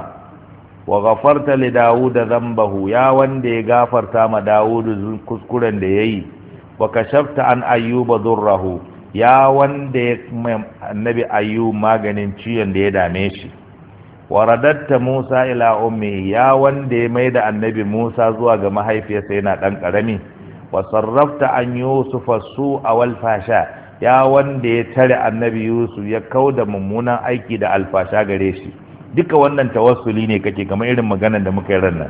wa gafarta li dawuda Zambahu ya wanda ya gafarta ma dawudu kuskuren da yayi wa kashafta an ayyuba durrahu ya wanda ya annabi ayyub maganin ciyon da ya dame shi wa radatta musa ila ummi ya wanda ya maida annabi musa zuwa ga mahaifiyarsa yana dan karami wa sarrafta an yusufa su awal fasha ya wanda ya tare annabi yusuf ya kau da mummunan aiki da alfasha gare shi duka wannan tawassuli ne kake kamar irin maganar da muka yi ran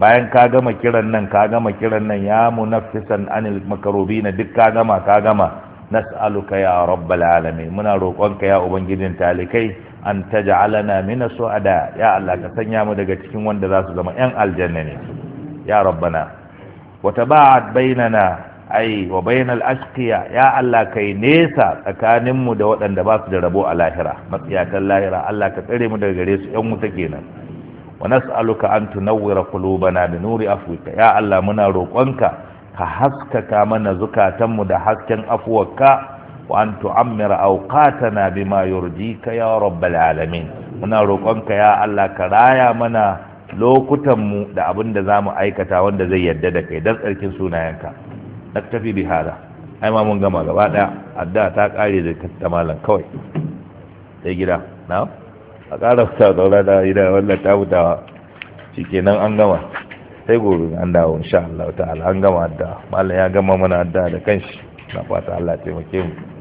bayan ka gama kiran nan ka gama kiran nan ya munaffisan anil makarubina duk ka gama ka gama nas'aluka ya rabbal alamin muna roƙonka ya ubangijin talikai an taj'alana min su'ada ya Allah ka sanya mu daga cikin wanda za su zama yan aljanna ne ya rabbana wa tabaat bainana ai wa bainal ashqiya ya Allah kai nesa tsakanin mu da waɗanda ba su da rabo a lahira matsiyatan lahira Allah ka tsare mu daga gare su yan wuta kenan wa nas'aluka an tunawwira qulubana bi nuri afwika ya Allah muna roƙonka ka haskaka mana zukatan mu da hasken afwarka wa an tu'ammira awqatana bima yurjika ya rabbal alamin muna roƙonka ya Allah ka raya mana lokutan mu da abin da zamu aikata wanda zai yadda da kai dan tsarkin sunayenka naktafi bi hada ai ma mun gama gaba daya adda ta kare da ta malam kawai sai gida na a ƙara fita [LAUGHS] zaura da gida wannan ta fitawa shikenan an gama sai gobe an dawo insha Allah ta'ala an gama adda malam ya gama mana adda da kanshi na fata Allah ya taimake mu